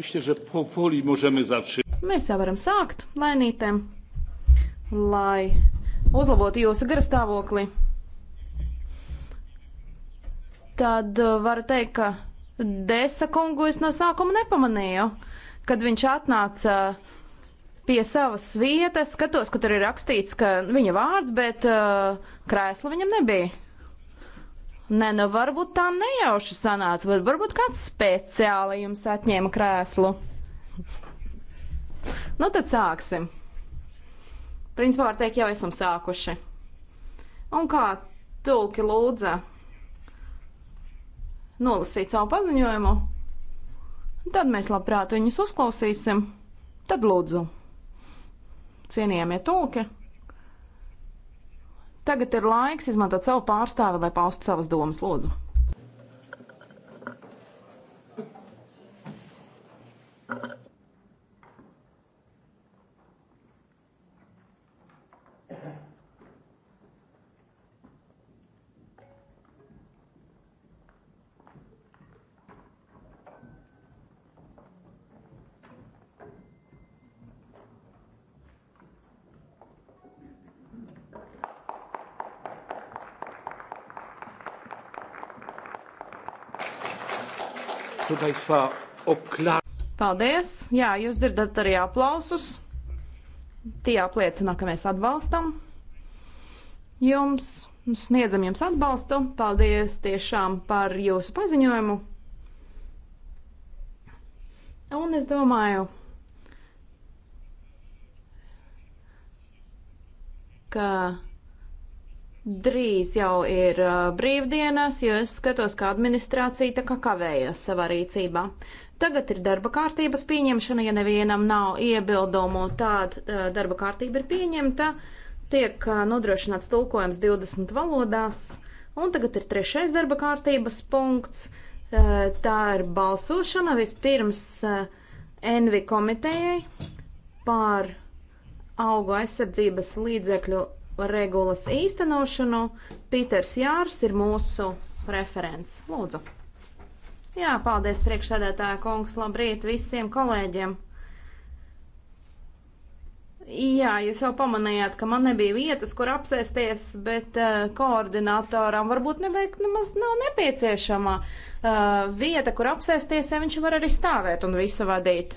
Myślę, że powoli możemy zacząć. Mēs jau varam sākt lēnītēm, lai uzlabotu jūsu garastāvokli. Tad uh, varu teikt, ka Desa kungu es no sākuma nepamanīju, kad viņš atnāca uh, pie savas vietas. Skatos, ka tur ir rakstīts, ka viņa vārds, bet uh, krēsla viņam nebija. Nē, nu varbūt tā nejauši sanāca, bet varbūt kāds speciāli jums atņēma krēslu. Nu tad sāksim. Principā var teikt, jau esam sākuši. Un kā tulki lūdza nolasīt savu paziņojumu, tad mēs labprāt viņus uzklausīsim. Tad lūdzu, cienījamie tulki! Tagad ir laiks izmantot savu pārstāvi, lai paustu savas domas, lūdzu. Państwa, oklā. Paldies! Jā, jūs dzirdat arī aplausus. Tie apliecina, ka mēs atbalstam jums, sniedzam jums atbalstu. Paldies tiešām par jūsu paziņojumu. Un es domāju, ka Drīz jau ir uh, brīvdienas, jo es skatos, ka administrācija tā kā kavējas savā rīcībā. Tagad ir darba kārtības pieņemšana, ja nevienam nav iebildumu, tad uh, darba kārtība ir pieņemta, tiek uh, nodrošināts tulkojums 20 valodās, un tagad ir trešais darba kārtības punkts, uh, tā ir balsošana vispirms uh, Envi komitejai par augu aizsardzības līdzekļu regulas īstenošanu. Pīters Jārs ir mūsu referents. Lūdzu. Jā, paldies priekšsēdētāja kungs, labrīt visiem kolēģiem. Jā, jūs jau pamanījāt, ka man nebija vietas, kur apsēsties, bet uh, koordinatoram varbūt nevajag nemaz nu, nav nepieciešama uh, vieta, kur apsēsties, ja viņš var arī stāvēt un visu vadīt.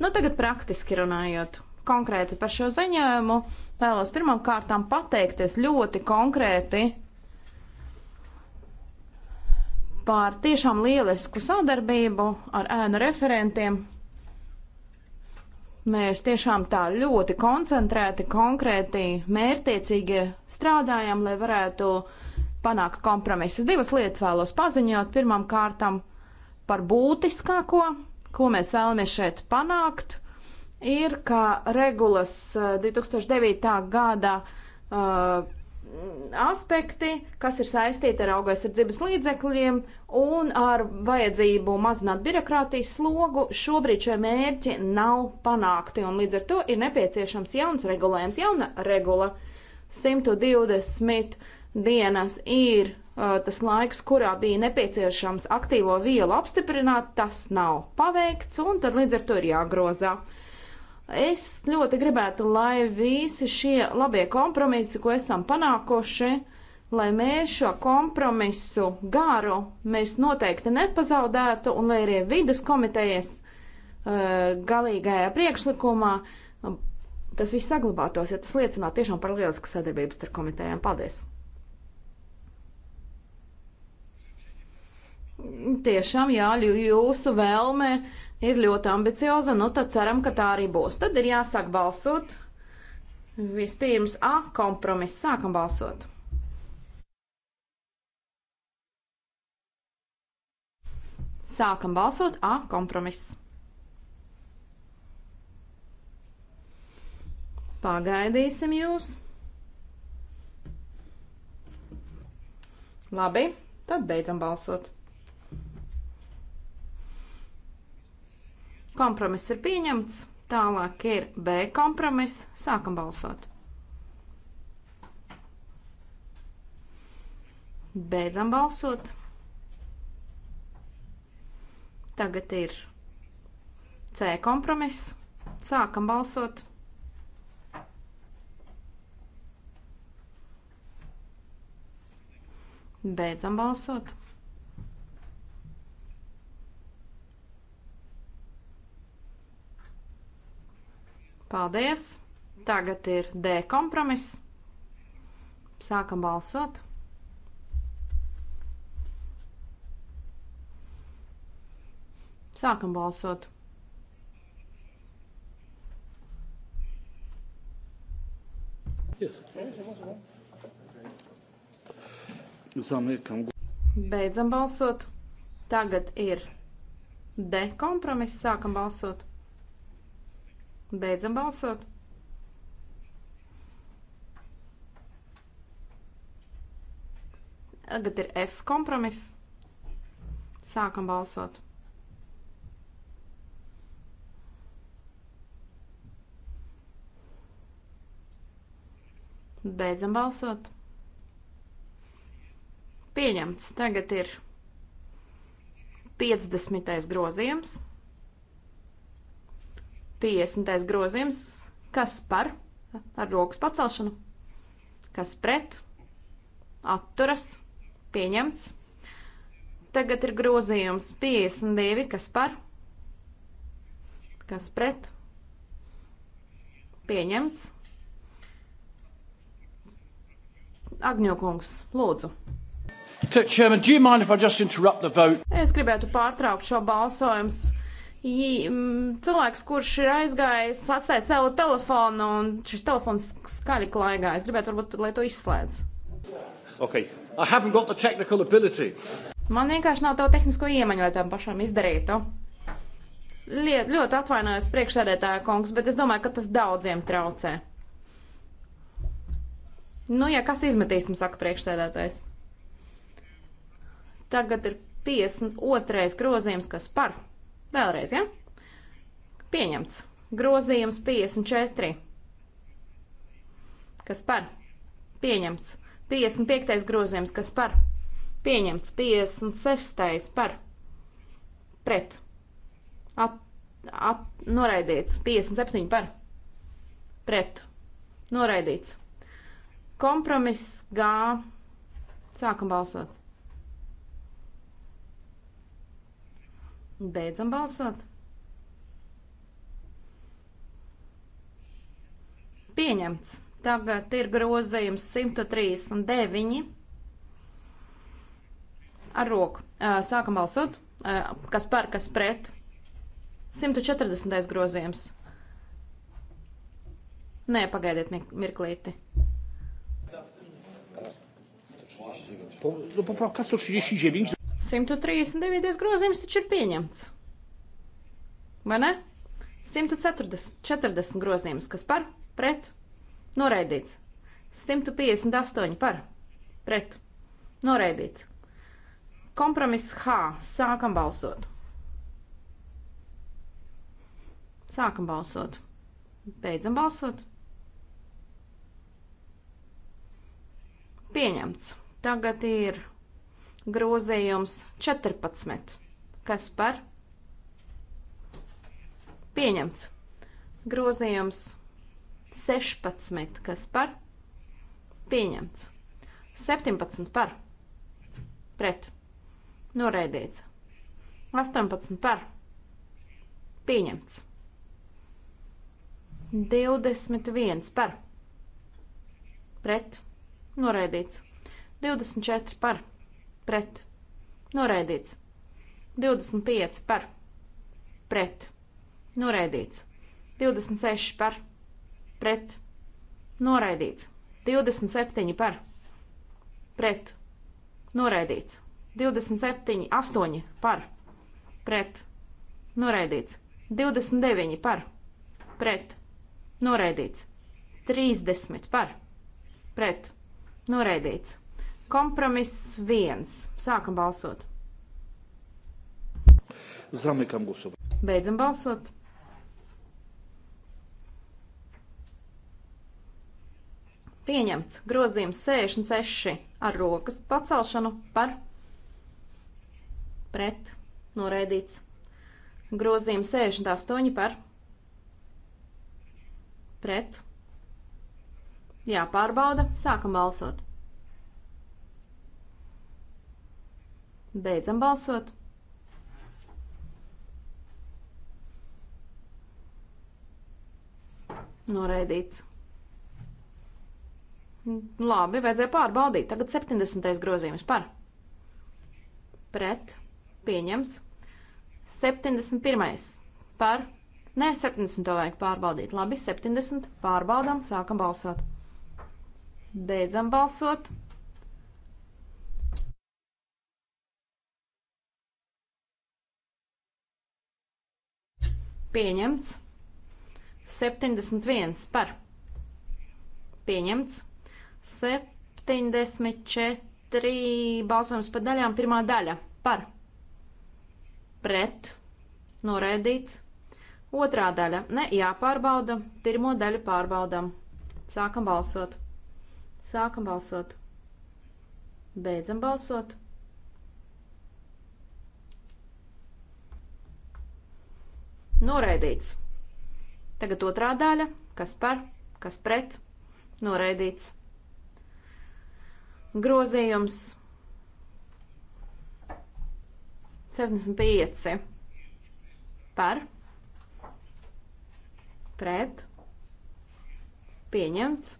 Nu, tagad praktiski runājot konkrēti par šo ziņojumu. Vēlos pirmām kārtām pateikties ļoti konkrēti par tiešām lielisku sadarbību ar ēnu referentiem. Mēs tiešām tā ļoti koncentrēti, konkrēti, mērtiecīgi strādājam, lai varētu panākt kompromisus. Divas lietas vēlos paziņot. Pirmām kārtām par būtiskāko, ko mēs vēlamies šeit panākt ir, ka regulas 2009. Eh, gada uh, aspekti, kas ir saistīti ar augaisardzības līdzekļiem un ar vajadzību mazināt birokrātijas slogu, šobrīd šie mērķi nav panākti, un līdz ar to ir nepieciešams jauns regulējums, jauna regula. 120 dienas ir uh, tas laiks, kurā bija nepieciešams aktīvo vielu apstiprināt, tas nav paveikts, un tad līdz ar to ir jāgrozā. Uh, Es ļoti gribētu, lai visi šie labie kompromisi, ko esam panākuši, lai mēs šo kompromisu gāru mēs noteikti nepazaudētu un lai arī vidas komitejas uh, galīgajā priekšlikumā um, tas viss saglabātos, ja tas liecinātu tiešām par lielisku sadarbību starp komitējām. Paldies! Tiešām, jā, jūsu vēlme ir ļoti ambicioza, nu tad ceram, ka tā arī būs. Tad ir jāsāk balsot. Vispirms A kompromiss. Sākam balsot. Sākam balsot A kompromiss. Pagaidīsim jūs. Labi, tad beidzam balsot. Kompromiss ir pieņemts. Tālāk ir B kompromiss. Sākam balsot. Beidzam balsot. Tagad ir C kompromiss. Sākam balsot. Beidzam balsot. Paldies! Tagad ir D kompromiss. Sākam balsot. Sākam balsot. Beidzam balsot. Tagad ir D kompromiss. Sākam balsot. Beidzam balsot. Tagad ir F kompromiss. Sākam balsot. Beidzam balsot. Pieņemts. Tagad ir 50. grozījums. 50. grozījums, kas par ar rokas pacelšanu, kas pret, atturas, pieņemts. Tagad ir grozījums 52, kas par, kas pret, pieņemts. Agņokungs, lūdzu. Chairman, do you mind if I just interrupt the vote? Es gribētu pārtraukt šo balsojumu cilvēks, kurš ir aizgājis, atstāja savu telefonu, un šis telefons skaļi klaigā. Es gribētu, varbūt, lai to izslēdz. Okay. Man vienkārši nav to tehnisko iemaņu, lai tam pašam izdarītu. Liet, ļoti atvainojos priekšsēdētāja kungs, bet es domāju, ka tas daudziem traucē. Nu, ja kas izmetīsim, saka priekšsēdētājs. Tagad ir 52. grozījums, kas par Vēlreiz, jā? Ja? Pieņemts. Grozījums 54. Kas par? Pieņemts. 55. grozījums, kas par? Pieņemts. 56. par? Pret. At, at, noraidīts. 57. par? Pret. Noraidīts. Kompromiss gā. Sākam balsot. Beidzam balsot. Pieņemts. Tagad ir grozījums 139 ar roku. Sākam balsot. Kas par, kas pret? 140. grozījums. Nē, pagaidiet mirklīti. Poprawka 139. 139. grozījums taču ir pieņemts. Vai ne? 140 grozījums, kas par, pret, noraidīts. 158 par, pret, noraidīts. Kompromiss H. Sākam balsot. Sākam balsot. Beidzam balsot. Pieņemts. Tagad ir Grozījums 14. Kas par? Pieņemts. Grozījums 16. Kas par? Pieņemts. 17 par. Pret. Noraidīts. 18 par. Pieņemts. 21 par. Pret. Noraidīts. 24 par pret, noraidīts. 25 par, pret, noraidīts. 26 par, pret, noraidīts. 27 par, pret, noraidīts. 27, 8 par, pret, noraidīts. 29 par, pret, noraidīts. 30 par, pret, noraidīts. Kompromiss viens. Sākam balsot. Zamykam głosowanie. Beidzam balsot. Pieņemts grozījums 66 ar rokas pacelšanu par pret noraidīts. Grozījums 68 par pret. Jāpārbauda, sākam balsot. Beidzam balsot. Noraidīts. Labi, vajadzēja pārbaudīt. Tagad 70. grozījums par. Pret. Pieņemts. 71. par. Nē, 70. vajag pārbaudīt. Labi, 70. pārbaudām, sākam balsot. Beidzam balsot. Pieņemts. 71 par. Pieņemts. 74 balsojums par daļām. Pirmā daļa par. Pret. Noraidīts. Otrā daļa. Ne, jāpārbauda. Pirmo daļu pārbaudam. Sākam balsot. Sākam balsot. Beidzam balsot. Noraidīts. Tagad otrā daļa. Kas par? Kas pret? Noraidīts. Grozījums 75 par pret pieņemts.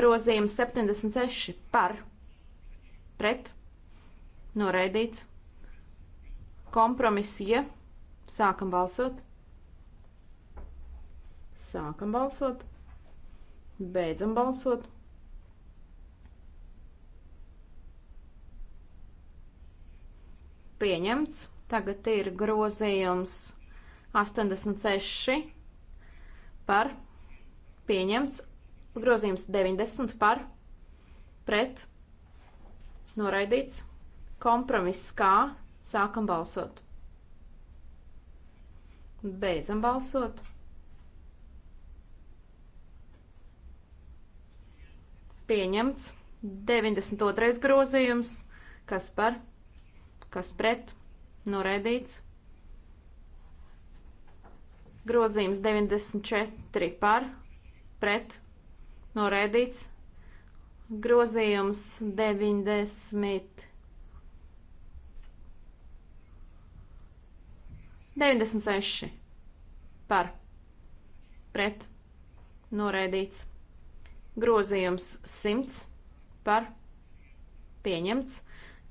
Grozījums 76 par pret noraidīts. Kompromiss, ja Sākam balsot. Sākam balsot. Beidzam balsot. Pieņemts. Tagad ir grozījums 86 par pieņemts. Grozījums 90 par pret noraidīts. Kompromiss kā sākam balsot. Beidzam balsot. Pieņemts 92. grozījums, kas par, kas pret, noraidīts. Grozījums 94 par, pret, noraidīts. Grozījums 90. 96 par pret noraidīts. Grozījums 100 par pieņemts.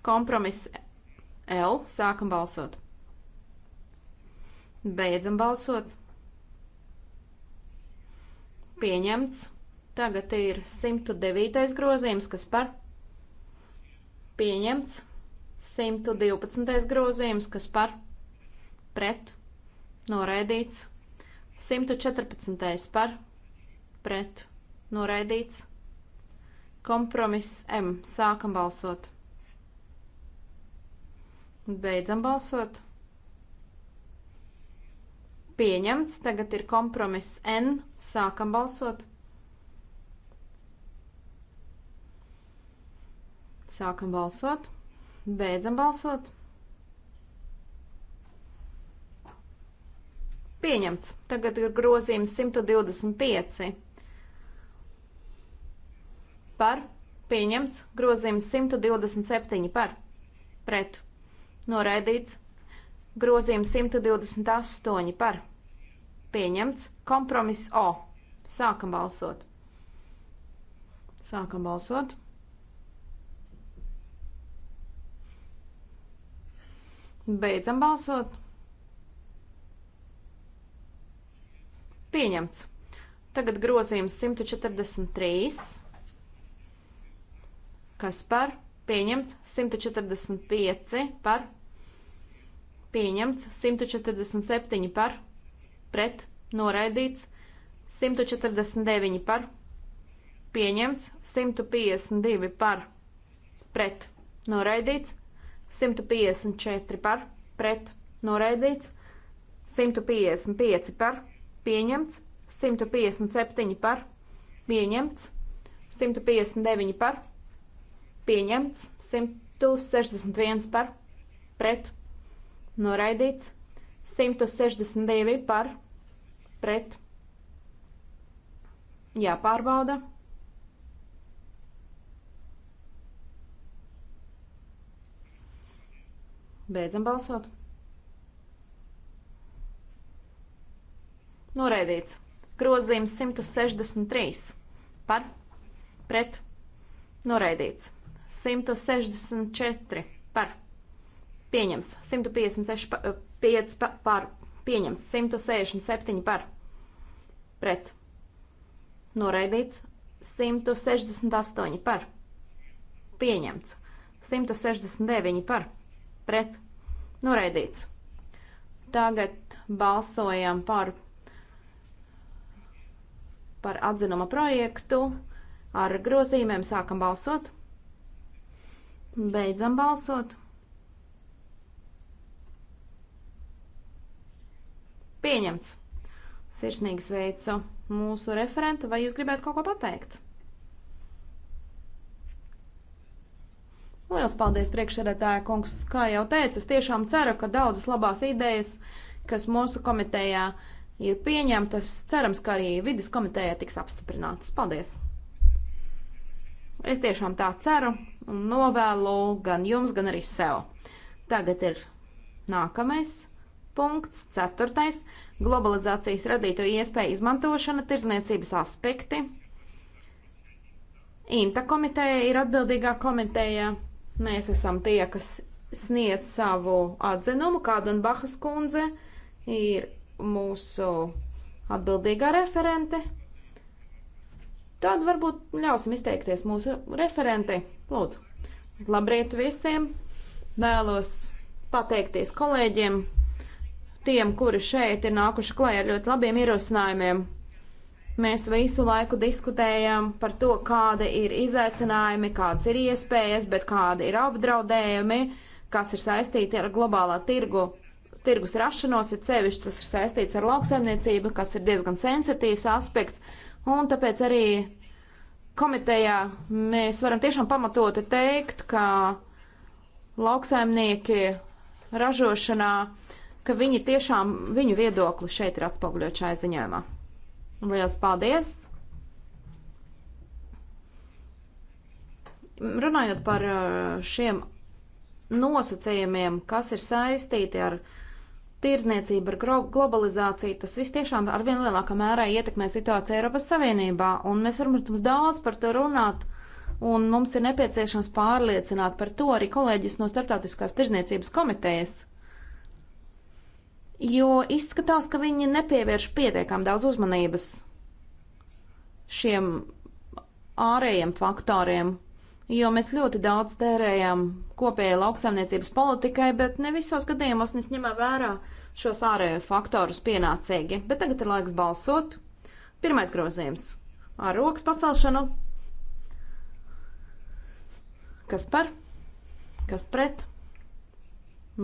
Kompromiss L. Sākam balsot. Beidzam balsot. Pieņemts. Tagad ir 109. grozījums, kas par pieņemts. 112. grozījums, kas par pieņemts pret, noraidīts. 114. par, pret, noraidīts. Kompromiss M. Sākam balsot. Beidzam balsot. Pieņemts. Tagad ir kompromiss N. Sākam balsot. Sākam balsot. Beidzam balsot. Pieņemts. Tagad ir grozījums 125. Par. Pieņemts. Grozījums 127. Par. Pret. Noraidīts. Grozījums 128. Par. Pieņemts. Kompromiss O. Sākam balsot. Sākam balsot. Beidzam balsot. Pieņemts. Tagad grozījums 143. Kas par? Pieņemts 145 par. Pieņemts 147 par. Pret. Noraidīts 149 par. Pieņemts 152 par. Pret. Noraidīts 154 par. Pret. Noraidīts 155 par pieņemts, 157 par, pieņemts, 159 par, pieņemts, 161 par, pret, noraidīts, 162 par, pret, jāpārbauda. Beidzam balsot. Noraidīts. Grozījums 163 par pret. Noraidīts. 164 par pieņemts. 156 pa, 5 pa, par pieņemts. 167 par pret. Noraidīts. 168 par pieņemts. 169 par pret noraidīts. Tagad balsojam par par atzinuma projektu ar grozījumiem. Sākam balsot. Beidzam balsot. Pieņemts. Sirsnīgi sveicu mūsu referentu. Vai jūs gribētu kaut ko pateikt? Lielas paldies, priekšsēdētāja kungs. Kā jau teicu, es tiešām ceru, ka daudzas labās idejas, kas mūsu komitejā uh, ir pieņemtas. Cerams, ka arī vidas komitejā tiks apstiprinātas. Paldies! Es tiešām tā ceru un novēlu gan jums, gan arī sev. Tagad ir nākamais punkts, ceturtais - globalizācijas radīto iespēju izmantošana, tirzniecības aspekti. Inta komiteja ir atbildīgā komiteja. Mēs esam tie, kas sniedz savu atzinumu, kāda un Bahas kundze ir mūsu atbildīgā referente. Tad varbūt ļausim izteikties mūsu referentei. Lūdzu, labrīt visiem! Vēlos pateikties kolēģiem, tiem, kuri šeit ir nākuši klajā ar ļoti labiem ierosinājumiem. Mēs visu laiku diskutējam par to, kāda ir izaicinājumi, kādas ir iespējas, bet kādi ir apdraudējumi, kas ir saistīti ar globālā tirgu tirgus rašanos, ir cevišķi tas ir saistīts ar lauksaimniecību, kas ir diezgan sensitīvs aspekts, un tāpēc arī komitejā mēs varam tiešām pamatoti teikt, ka lauksaimnieki ražošanā, ka viņi tiešām, viņu viedokli šeit ir atspoguļot šajā ziņojumā. Lielas paldies! Runājot par uh, šiem nosacījumiem, kas ir saistīti ar tirzniecība ar globalizāciju, tas viss tiešām ar vien lielākā mērā ietekmē situāciju Eiropas Savienībā. Un mēs varam, protams, daudz par to runāt, un mums ir nepieciešams pārliecināt par to arī kolēģis no Startautiskās tirzniecības komitejas. Jo izskatās, ka viņi nepievērš pietiekam daudz uzmanības šiem ārējiem faktoriem, jo mēs ļoti daudz tērējam kopējai lauksaimniecības politikai, bet ne visos gadījumos mēs ņemam vērā šos ārējos faktorus pienācīgi. Bet tagad ir laiks balsot. Pirmais grozījums - ar rokas pacelšanu. Kas par? Kas pret?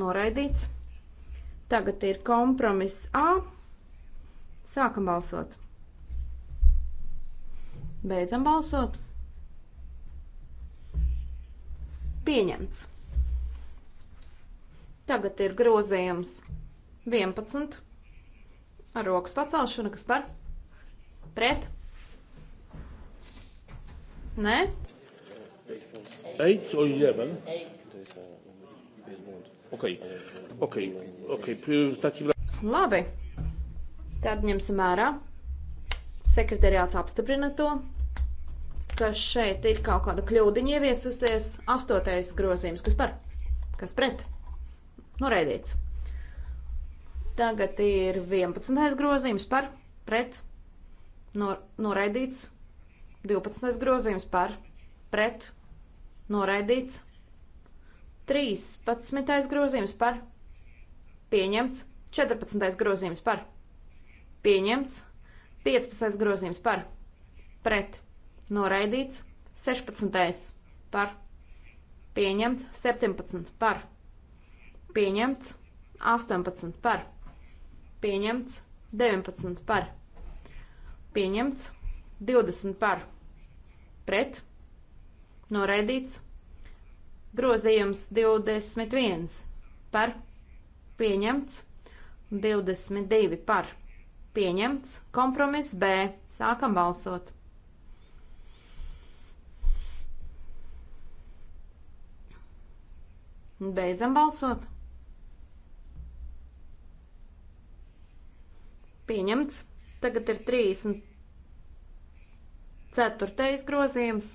Noraidīts. Tagad ir kompromiss A. Sākam balsot. Beidzam balsot. Pieņemts. Tagad ir grozījums 11 ar rokas pacelšanu, kas par pret. Nē? 8 or 11? Ok, ok, ok. Labi. Tad ņemsim vērā. Sekretariāts apstiprina to ka šeit ir kaut kāda kļūdiņa ieviesusies. Astotais grozījums, kas par? Kas pret? Noraidīts. Tagad ir 11. grozījums par pret. Nor, noraidīts. 12. grozījums par pret. Noraidīts. 13. grozījums par pieņemts. 14. grozījums par pieņemts. 15. grozījums par pret noraidīts, 16. par, pieņemts, 17. par, pieņemts, 18. par, pieņemts, 19. par, pieņemts, 20. par, pret, noraidīts, grozījums 21 par, pieņemts, 22 par, pieņemts, kompromiss B, sākam balsot. Beidzam balsot. Pieņemts. Tagad ir 34. grozījums.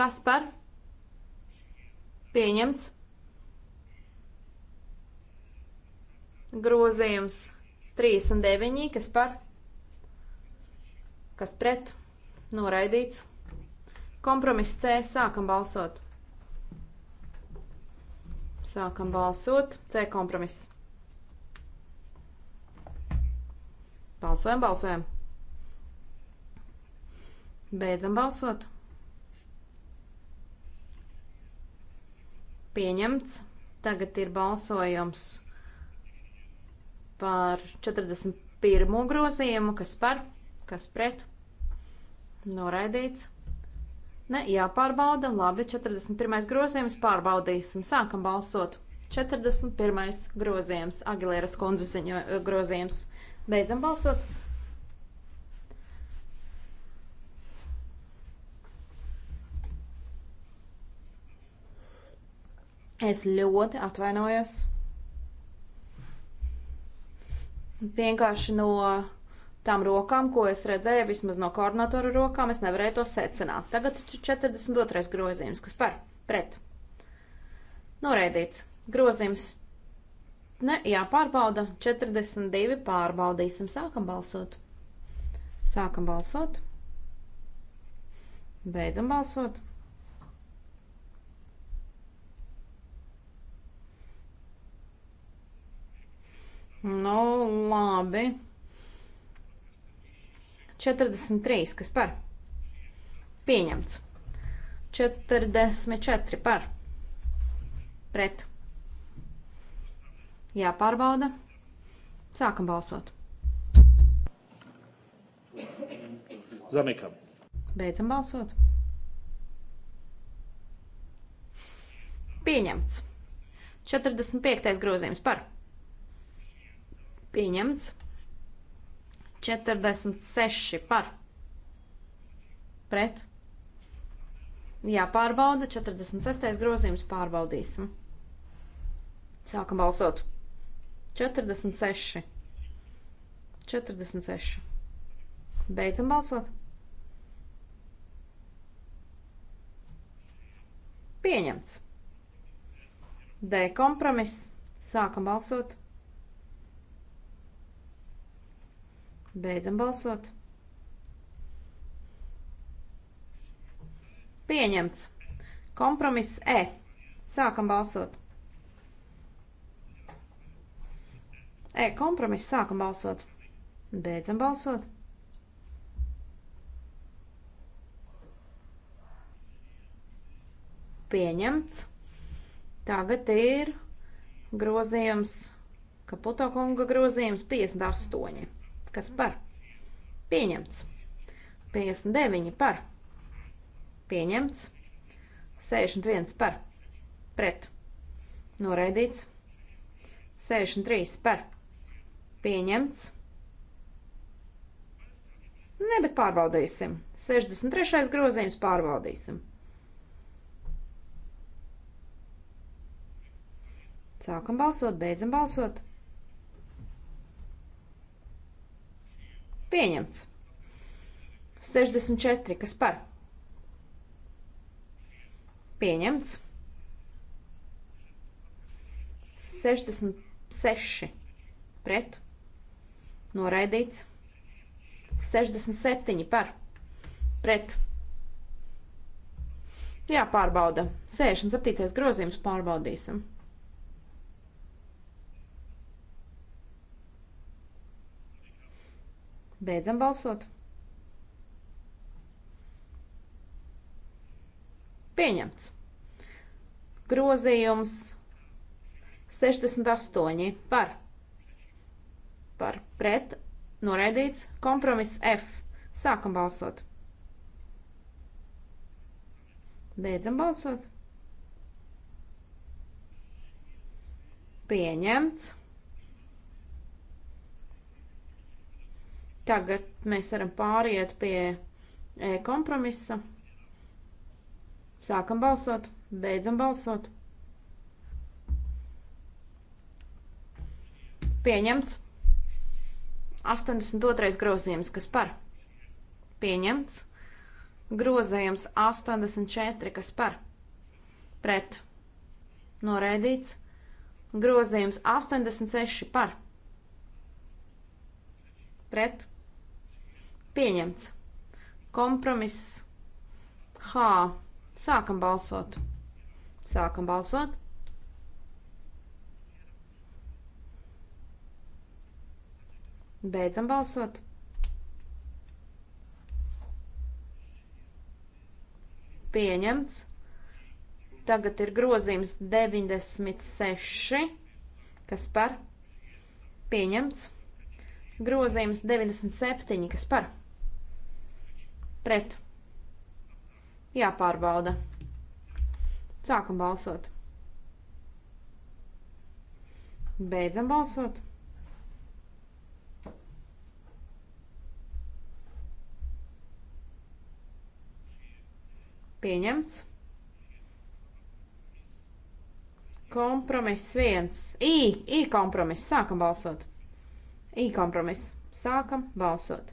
Kas par? Pieņemts. Grozījums 39. Kas par? Kas pret? Noraidīts. Kompromiss C. Sākam balsot. Sākam balsot. C kompromiss. Balsojam, balsojam. Beidzam balsot. Pieņemts. Tagad ir balsojums par 41. grozījumu, kas par, kas pret. Noraidīts. Ne, jāpārbauda. Labi, 41. grozījums pārbaudīsim. Sākam balsot. 41. grozījums, Agilēras kundzes eh, grozījums. Beidzam balsot. Es ļoti atvainojos. Vienkārši no tām rokām, ko es redzēju, vismaz no koordinatora rokām, es nevarēju to secināt. Tagad 42. grozījums, kas par pret. Noreidīts. Grozījums ne, jāpārbauda. 42 pārbaudīsim. Sākam balsot. Sākam balsot. Beidzam balsot. Nu, labi. 43, kas par? Pieņemts. 44 par. Pret. Jāpārbauda. Sākam balsot. Zamikam. Beidzam balsot. Pieņemts. 45. grozījums par. Pieņemts. 46 par. Pret. Jāpārbauda. 46. grozījums pārbaudīsim. Sākam balsot. 46. 46. Beidzam balsot. Pieņemts. D kompromiss. Sākam balsot. Beidzam balsot. Pieņemts. Kompromiss E. Sākam balsot. E. Kompromiss. Sākam balsot. Beidzam balsot. Pieņemts. Tagad ir grozījums, Kaputo kunga grozījums 58 kas par. Pieņemts. 59 par. Pieņemts. 61 par. Pret. Noraidīts. 63 par. Pieņemts. Nē, bet pārbaudīsim. 63. grozījums pārbaudīsim. Sākam balsot, beidzam balsot. Pieņemts. 64. Kas par? Pieņemts. 66. Pret. Noraidīts. 67. Par. Pret. Jāpārbauda. 67. grozījums pārbaudīsim. Beidzam balsot. Pieņemts. Grozījums 68 par, par pret, noraidīts, kompromiss F. Sākam balsot. Beidzam balsot. Pieņemts. Tagad mēs varam pāriet pie e kompromisa. Sākam balsot, beidzam balsot. Pieņemts. 82. grozījums, kas par? Pieņemts. Grozījums 84, kas par? Pret. Noraidīts. Grozījums 86 par. Pret. Pieņemts. Kompromiss H. Sākam balsot. Sākam balsot. Beidzam balsot. Pieņemts. Tagad ir grozījums 96, kas par pieņemts. Grozījums 97, kas par pieņemts. Pret. Jāpārbauda. Sākam balsot. Beidzam balsot. Pieņemts. Kompromiss viens. I, I kompromiss. Sākam balsot. I kompromiss. Sākam balsot.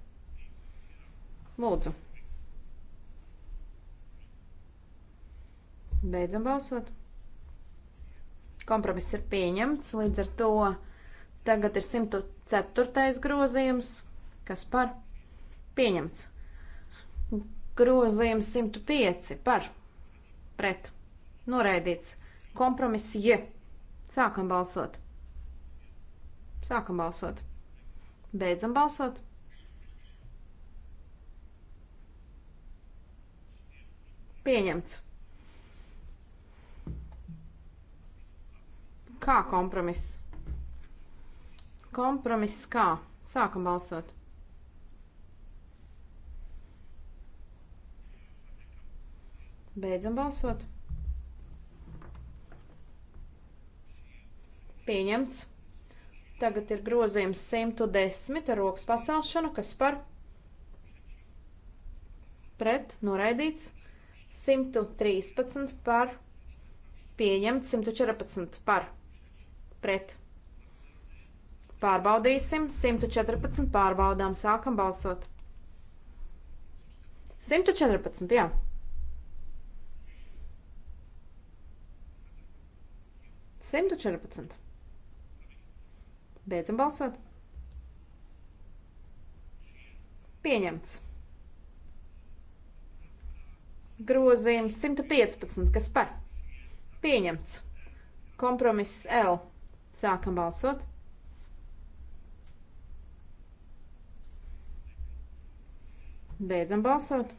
Lūdzu. Beidzam balsot. Kompromiss ir pieņemts, līdz ar to tagad ir 104. grozījums, kas par pieņemts. Grozījums 105 par pret noraidīts. Kompromiss je. Sākam balsot. Sākam balsot. Beidzam balsot. Pieņemts. Kā kompromiss? Kompromiss kā? Sākam balsot. Beidzam balsot. Pieņemts. Tagad ir grozījums 110 ar rokas pacelšanu, kas par pret noraidīts. 113 par pieņemts, 114 par pieņemts pret. Pārbaudīsim, 114 pārbaudām, sākam balsot. 114, jā. Simtu četrpadsmit. Beidzam balsot. Pieņemts. Grozījums 115, kas par? Pieņemts. Kompromiss L Sākam balsot. Beidzam balsot.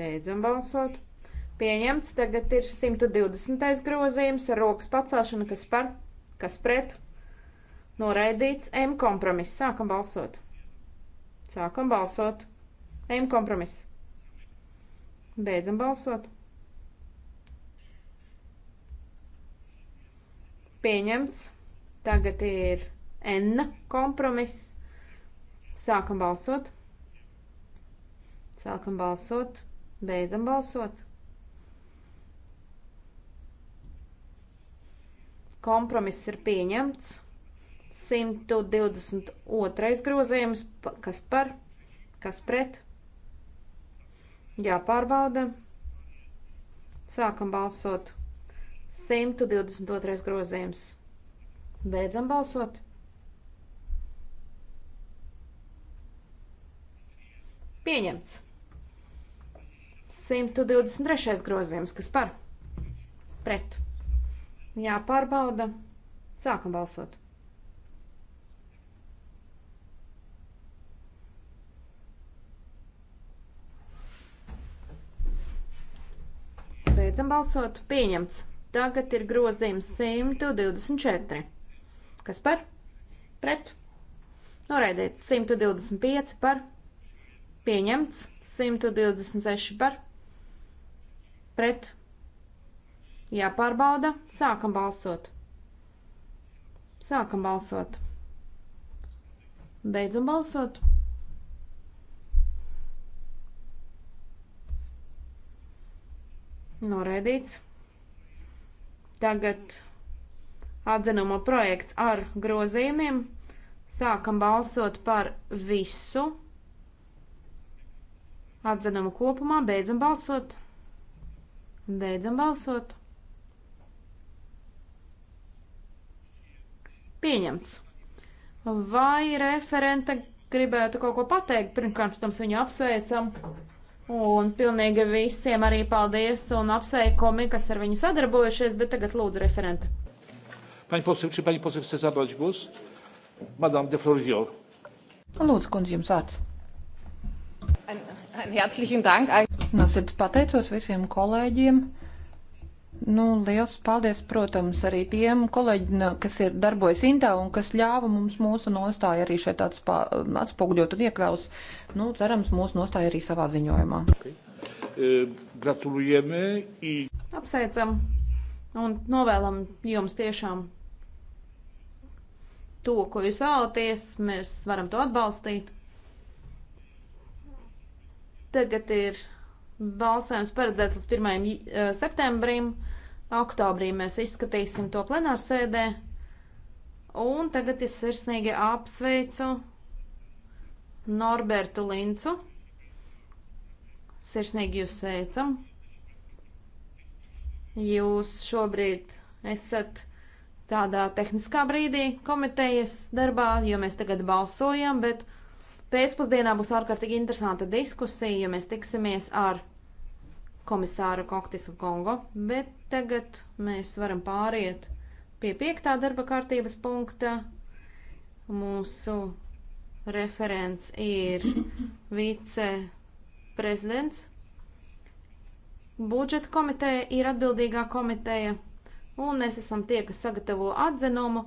Beidzam balsot. Pieņemts tagad ir 120. grozījums ar rokas pacelšanu, kas par, kas pret. Noraidīts M kompromiss. Sākam balsot. Sākam balsot. M kompromiss. Beidzam balsot. pieņemts. Tagad ir N kompromiss. Sākam balsot. Sākam balsot. Beidzam balsot. Kompromiss ir pieņemts. 122. grozījums, kas par, kas pret. Jāpārbauda. Sākam balsot. 122. grozījums. Beidzam balsot. Pieņemts. 123. grozījums, kas par? Pret. Jāpārbauda. Sākam balsot. Beidzam balsot. Pieņemts. Tagad ir grozījums 124. Kas par? Pret. Noraidiet 125 par. Pieņemts 126 par. Pret. Jāpārbauda. Sākam balsot. Sākam balsot. Beidzam balsot. Noraidīts. Tagad atzinuma projekts ar grozījumiem. Sākam balsot par visu atzinumu kopumā, beidzam balsot. Beidzam balsot. Pieņemts. Vai referente gribētu kaut ko pateikt? Pirmkārt, protams, viņu apsveicam. Un pilnīgi visiem arī paldies un apsveikumi, kas ar viņu sadarbojušies, bet tagad lūdzu referente. Pani posev, či pani posev se zabrać būs? Madame de Florio. Lūdzu, kundze, jums vārds. Ein, ein herzlichen Dank. No sirds pateicos visiem kolēģiem Nu, liels paldies, protams, arī tiem kolēģiem, kas ir darbojas Intā un kas ļāva mums mūsu nostāju arī šeit atspā, atspoguļot un iekļaus. Nu, cerams, mūsu nostāja arī savā ziņojumā. Okay. Eh, Gratulējam! I... Apsveicam un novēlam jums tiešām to, ko jūs vēlaties. Mēs varam to atbalstīt. Tagad ir Balsojums paredzēts līdz 1. Eh, septembrim. Oktobrī mēs izskatīsim to plenārsēdē. Un tagad es sirsnīgi apsveicu Norbertu Lincu. Sirsnīgi jūs sveicam. Jūs šobrīd esat tādā tehniskā brīdī komitejas darbā, jo mēs tagad balsojam, bet pēcpusdienā būs ārkārtīgi interesanta diskusija, jo mēs tiksimies ar komisāra Koktiska Kongo, bet tagad mēs varam pāriet pie piektā darba kārtības punkta. Mūsu referents ir viceprezidents. Budžeta komiteja ir atbildīgā komiteja, un mēs esam tie, kas sagatavo atzinumu.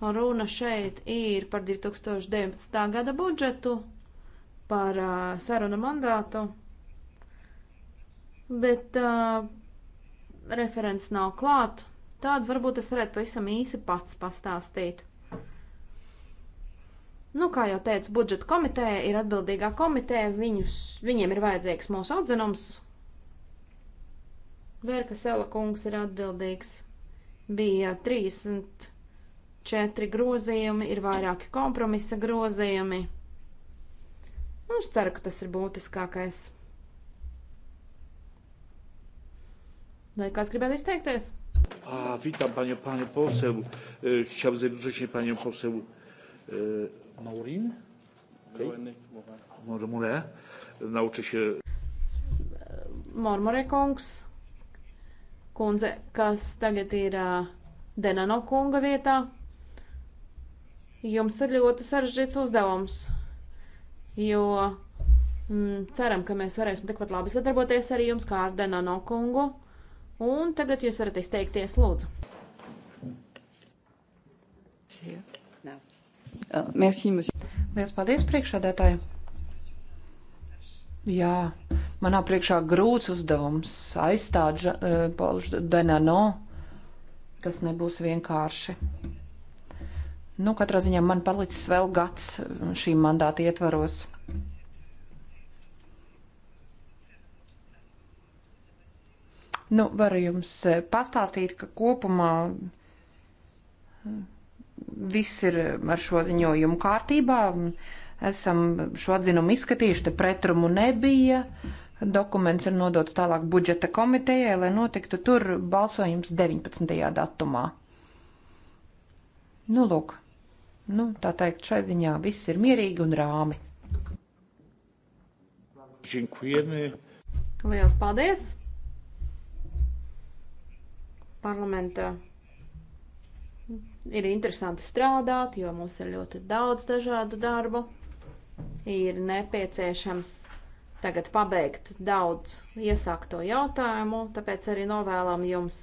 Runa šeit ir par 2019. gada budžetu, par uh, sarunu mandātu bet uh, referents nav klāt. Tādu varbūt es varētu pavisam īsi pats pastāstīt. Nu, kā jau teicu, budžeta komiteja ir atbildīgā komiteja, viņus, viņiem ir vajadzīgs mūsu atzinums. Vērka Sela kungs ir atbildīgs. Bija 34 grozījumi, ir vairāki kompromisa grozījumi. Un nu, es ceru, ka tas ir būtiskākais. Vai kāds gribētu izteikties? A, witam panią, panią poseł. E, chciałbym jednocześnie panią poseł e, Maurin. Okay. Mormure. Nauczy się. Mormure kungs. Kundze, kas tagad ir uh, Denano kunga vietā. Jums ir ļoti sarežģīts uzdevums, jo mm, ceram, ka mēs varēsim tikpat labi sadarboties arī jums kā ar Denano kungu. Uh, Un tagad jūs varat izteikties, lūdzu. Uh, Liels paldies priekšādētāji. Jā, manā priekšā grūts uzdevums aizstāt uh, eh, Polšu Denano. Tas nebūs vienkārši. Nu, katrā ziņā man palicis vēl gads šī mandāta ietvaros. Nu, varu jums eh, pastāstīt, ka kopumā hm, viss ir ar šo ziņojumu kārtībā. Esam šo atzinumu izskatījuši, te pretrumu nebija. Dokuments ir nodots tālāk budžeta komitejai, lai notiktu tur balsojums 19. datumā. Nu, lūk, nu, tā teikt, šai ziņā viss ir mierīgi un rāmi. Žinkujami. Lielas paldies! parlamentā ir interesanti strādāt, jo mums ir ļoti daudz dažādu darbu. Ir nepieciešams tagad pabeigt daudz iesākto jautājumu, tāpēc arī novēlam jums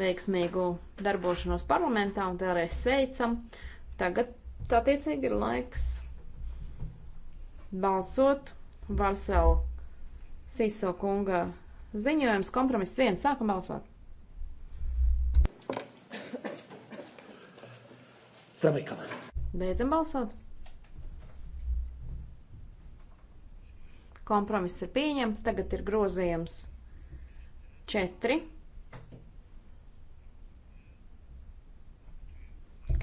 veiksmīgu darbošanos parlamentā un vēlreiz sveicam. Tagad, attiecīgi, ir laiks balsot Varsel Siso kunga ziņojums kompromiss viens. Sākam balsot! Zamykam. Beidzam balsot. Kompromiss ir pieņemts, tagad ir grozījums 4.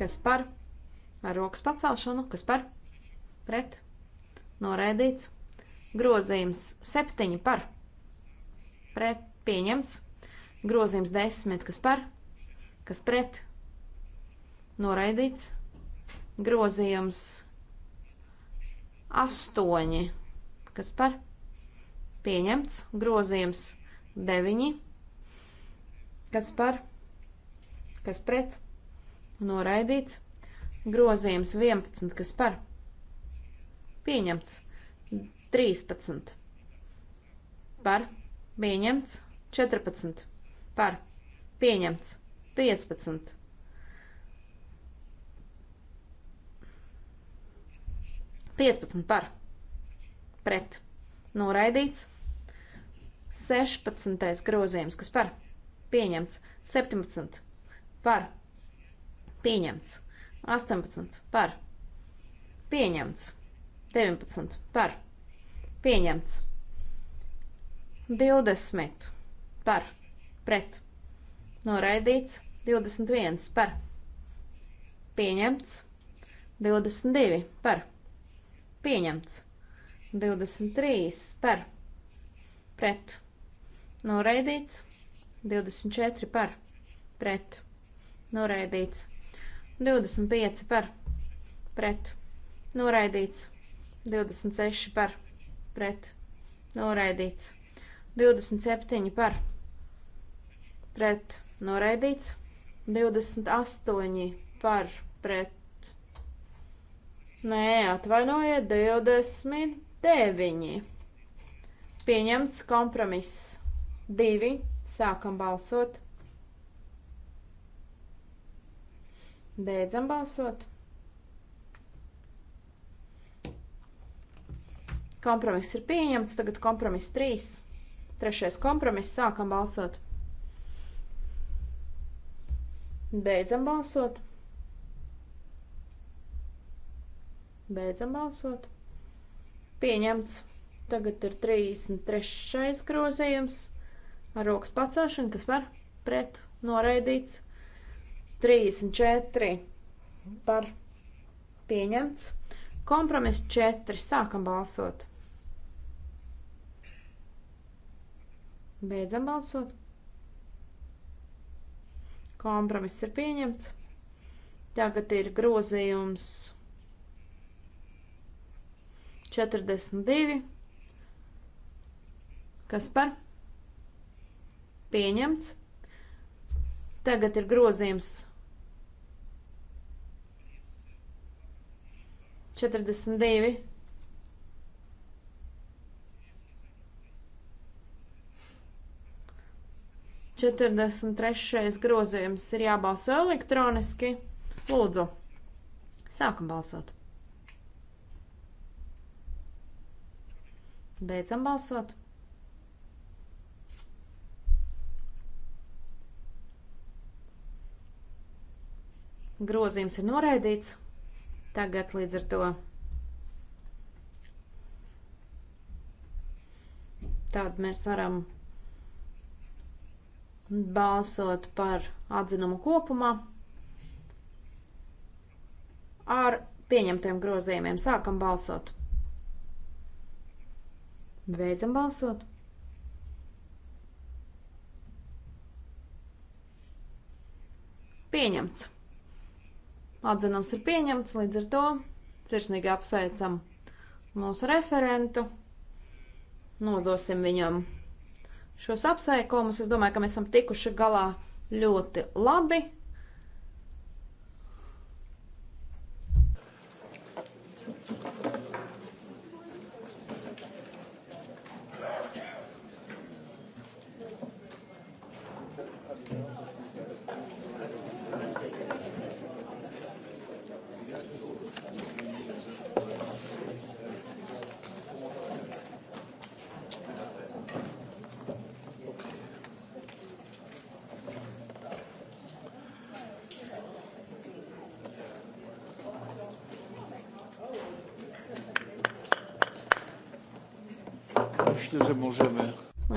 Kas par? Ar rokas pacelšanu, kas par? Pret. Noraidīts. Grozījums 7 par. Pret. Pieņemts. Grozījums 10, kas par? Kas pret? noraidīts. Grozījums astoņi, kas par pieņemts. Grozījums deviņi, kas par, kas pret, noraidīts. Grozījums vienpadsmit, kas par pieņemts. Trīspadsmit par pieņemts. Četrpadsmit par pieņemts. Piecpadsmit 15 par pret noraidīts. 16. grozījums, kas par pieņemts. 17 par pieņemts. 18 par pieņemts. 19 par pieņemts. 20 par pret noraidīts. 21 par pieņemts. 22 par pieņemts. Pieņemts. 23 par. Pret. Noraidīts. 24 par. Pret. Noraidīts. 25 par. Pret. Noraidīts. 26 par. Pret. Noraidīts. 27 par. Pret. Noraidīts. 28 par. Pret. Nē, atvainojiet, 29. Pieņemts kompromiss. 2. Sākam balsot. Beidzam balsot. Kompromiss ir pieņemts, tagad kompromiss 3. Trešais kompromiss, sākam balsot. Beidzam balsot. Beidzam balsot. Pieņemts. Tagad ir 33. grozījums ar rokas pacelšanu, kas var pret noraidīts. 34 par pieņemts. Kompromis 4. Sākam balsot. Beidzam balsot. Kompromiss ir pieņemts. Tagad ir grozījums 42. Kas par? Pieņemts. Tagad ir grozījums 42. Četrdesmit trešais grozījums ir jābalso elektroniski. Lūdzu, sākam balsot! Beidzam balsot. Grozījums ir noraidīts. Tagad līdz ar to tādu mēs varam balsot par atzinumu kopumā ar pieņemtiem grozījumiem. Sākam balsot! Beidzam balsot. Pieņemts. Atzinums ir pieņemts, līdz ar to sirsnīgi apsveicam mūsu referentu. Nodosim viņam šos apsveikumus. Es domāju, ka mēs esam tikuši galā ļoti labi.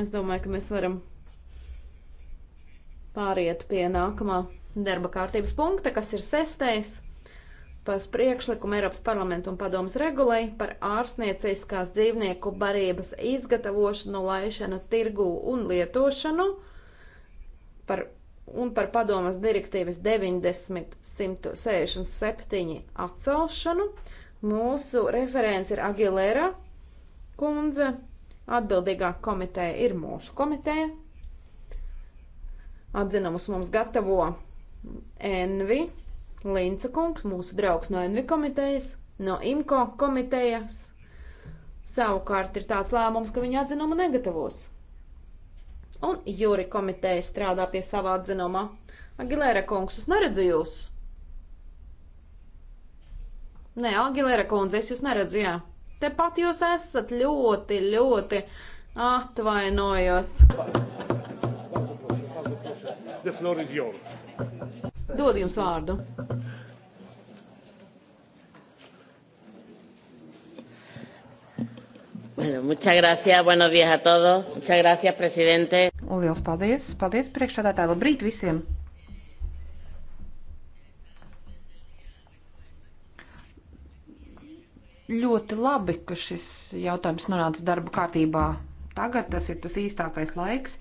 Es domāju, ka mēs varam pāriet pie nākamā darba kārtības punkta, kas ir sestais par priekšlikumu Eiropas parlamentu un padomas regulai par ārstnieciskās dzīvnieku barības izgatavošanu, laišanu tirgū un lietošanu par, un par padomas direktīvas 90-167 atcelšanu. Mūsu referents ir Agilera kundze. Atbildīgā komiteja ir mūsu komiteja. Atzinumus mums gatavo Envi, Linca kungs, mūsu draugs no Envi komitejas, no IMCO komitejas. Savukārt ir tāds lēmums, ka viņa atzinumu negatavos. Un Jūri komiteja strādā pie savā atzinumā. Agilēra kungs, es neredzu jūs. Nē, Agilēra kundze, es jūs neredzu, jā. Tepat jūs esat ļoti, ļoti atvainojos. Dod jums vārdu. Bueno, muchas gracias, buenos días a todos. Muchas gracias, presidente. Lielas paldies. Paldies priekšādātāji. Labrīt visiem! ļoti labi, ka šis jautājums nonāca darba kārtībā tagad. Tas ir tas īstākais laiks.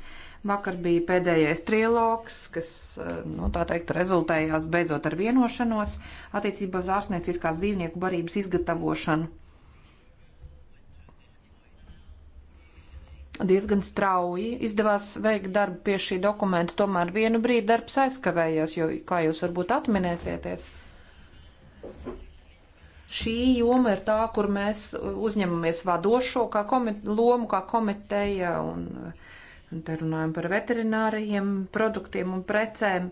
Vakar bija pēdējais trilogs, kas, eh, nu, tā teikt, rezultējās beidzot ar vienošanos attiecībā uz ārstnieciskās dzīvnieku barības izgatavošanu. Diezgan strauji izdevās veikt darbu pie šī dokumenta, tomēr vienu brīdi darbs aizkavējās, jo, kā jūs varbūt atminēsieties, Šī joma ir tā, kur mēs uzņemamies vadošo kā komite, lomu, kā komiteja, un, un te runājam par veterināriem produktiem un precēm.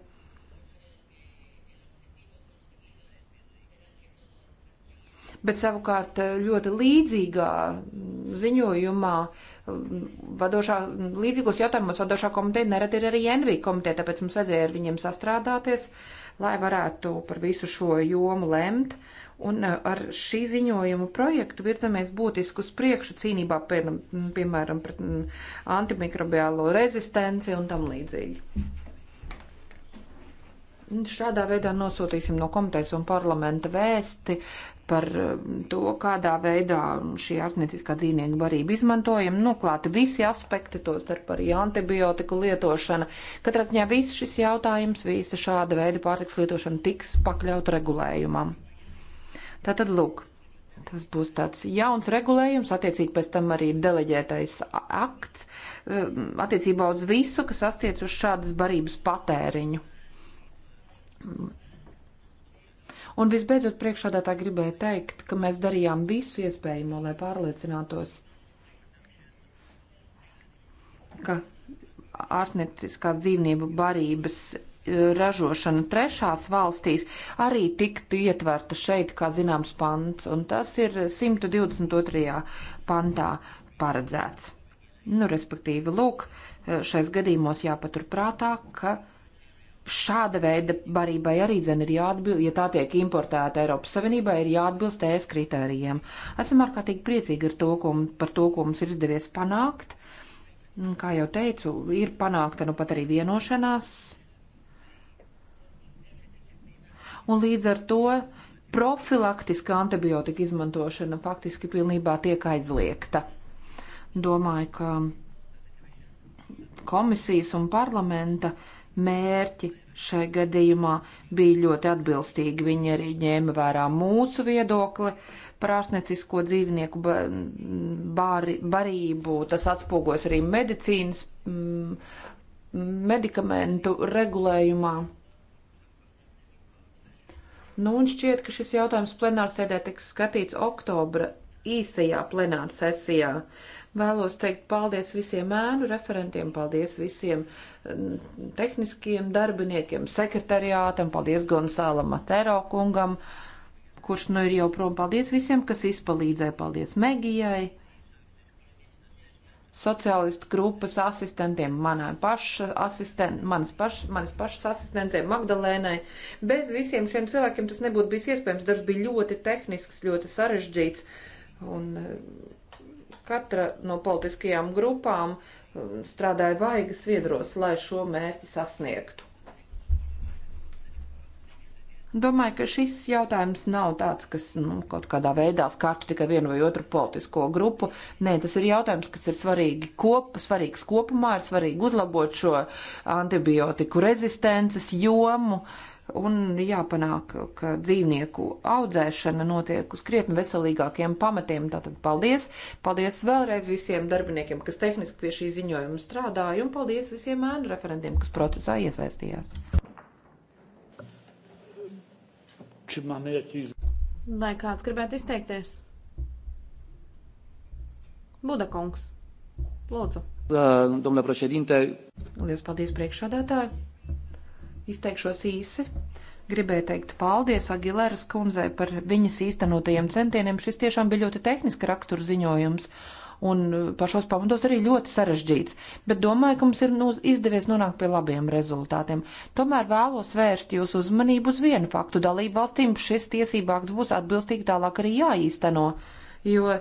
Bet savukārt ļoti līdzīgā ziņojumā vadošā, līdzīgos jautājumos vadošā komiteja nerad ir arī NV komiteja, tāpēc mums vajadzēja ar viņiem sastrādāties, lai varētu par visu šo jomu lemt. Uh, Un eh, ar šī ziņojuma projektu virzamies būtiski uz priekšu cīnībā, pēc, piemēram, pret antimikrobiālo rezistenci un tam līdzīgi. Šādā veidā nosūtīsim no komitejas un parlamenta vēsti par to, kādā veidā šī ārstnieciskā dzīvnieku barība izmantojam. Noklāti nu, visi aspekti, to starp arī antibiotiku lietošana. Katrā ziņā viss šis jautājums, visa šāda veida pārtiks lietošana tiks pakļaut regulējumam. Tātad, lūk, tas būs tāds jauns regulējums, attiecīgi pēc tam arī deleģētais akts um, attiecībā uz visu, kas attiec uz šādas barības patēriņu. Un visbeidzot, priekšādātā gribēja teikt, ka mēs darījām visu iespējamo, lai pārliecinātos, ka ārstnieciskās dzīvnieku barības ražošana trešās valstīs arī tiktu ietverta šeit, kā zināms, pants, un tas ir 122. pantā paredzēts. Nu, respektīvi, lūk, šais gadījumos jāpaturprātā, ka šāda veida barībai arī dzen ir jāatbilst, ja tā tiek importēta Eiropas Savienībā, ir jāatbilst ES kritērijiem. Esam ārkārtīgi priecīgi ar to, ko, par to, ko mums ir izdevies panākt. Kā jau teicu, ir panākta nu pat arī vienošanās un līdz ar to profilaktiska antibiotika izmantošana faktiski pilnībā tiek aizliegta. Domāju, ka komisijas un parlamenta mērķi šai gadījumā bija ļoti atbilstīgi. Viņi arī ņēma vērā mūsu viedokli par ārstniecisko dzīvnieku bari, barību. Tas atspoguļos arī medicīnas mm, medikamentu regulējumā. Nu, un šķiet, ka šis jautājums plenārsēdē tiks skatīts oktobra īsajā plenāra sesijā. Vēlos teikt paldies visiem ēnu referentiem, paldies visiem tehniskiem darbiniekiem, sekretariātam, paldies Gonzālam Matero kungam, kurš nu ir jau prom. Paldies visiem, kas izpalīdzēja, paldies Megijai sociālistu grupas asistentiem, manai paša asisten, manas, paš, manas pašas asistencei, Magdalēnai. Bez visiem šiem cilvēkiem tas nebūtu bijis iespējams. Darbs bija ļoti tehnisks, ļoti sarežģīts. Un eh, katra no politiskajām grupām eh, strādāja vaigas viedros, lai šo mērķi sasniegtu. Domāju, ka šis jautājums nav tāds, kas nu, kaut kādā veidā skartu tikai vienu vai otru politisko grupu. Nē, tas ir jautājums, kas ir svarīgi kop, svarīgs kopumā, ir svarīgi uzlabot šo antibiotiku rezistences jomu. Un jāpanāk, ka dzīvnieku audzēšana notiek uz krietni veselīgākiem pamatiem. Tātad paldies! Paldies vēlreiz visiem darbiniekiem, kas tehniski pie šī ziņojuma strādāja, un paldies visiem ēnu referentiem, kas procesā iesaistījās. Czy mamy jakieś... Vai kāds gribētu izteikties? Buda kungs, lūdzu. Nu, domnule președinte. Lielas paldies priekšādātāju. Izteikšos īsi. Gribēju teikt paldies Agilēras kundzei par viņas īstenotajiem centieniem. Šis tiešām bija ļoti tehniska rakstura ziņojums, un par šos pamatos arī ļoti sarežģīts, bet domāju, ka mums ir nu, izdevies nonākt pie labiem rezultātiem. Tomēr vēlos vērst jūsu uzmanību uz vienu faktu. Dalību valstīm šis tiesībāks būs atbilstīgi tālāk arī jāīsteno, jo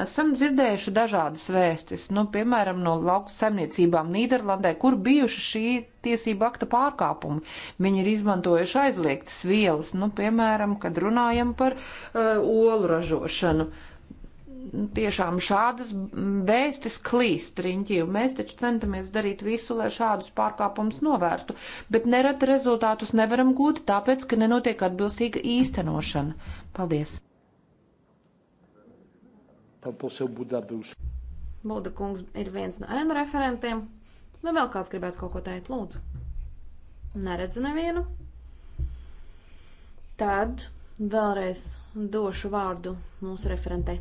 esam dzirdējuši dažādas vēstis, nu, piemēram, no laukas saimniecībām Nīderlandē, kur bijuši šī tiesība akta pārkāpumi. Viņi ir izmantojuši aizliegtas vielas, nu, piemēram, kad runājam par uh, olu ražošanu. Uh, tiešām šādas vēstis klīst riņķī, un mēs taču centamies darīt visu, lai šādus pārkāpumus novērstu, bet nereti rezultātus nevaram gūt, tāpēc, ka nenotiek atbilstīga īstenošana. Paldies! Buda kungs ir viens no N referentiem. Vai vēl kāds gribētu kaut ko teikt, lūdzu? Neredzu nevienu. Tad vēlreiz došu vārdu mūsu referentei.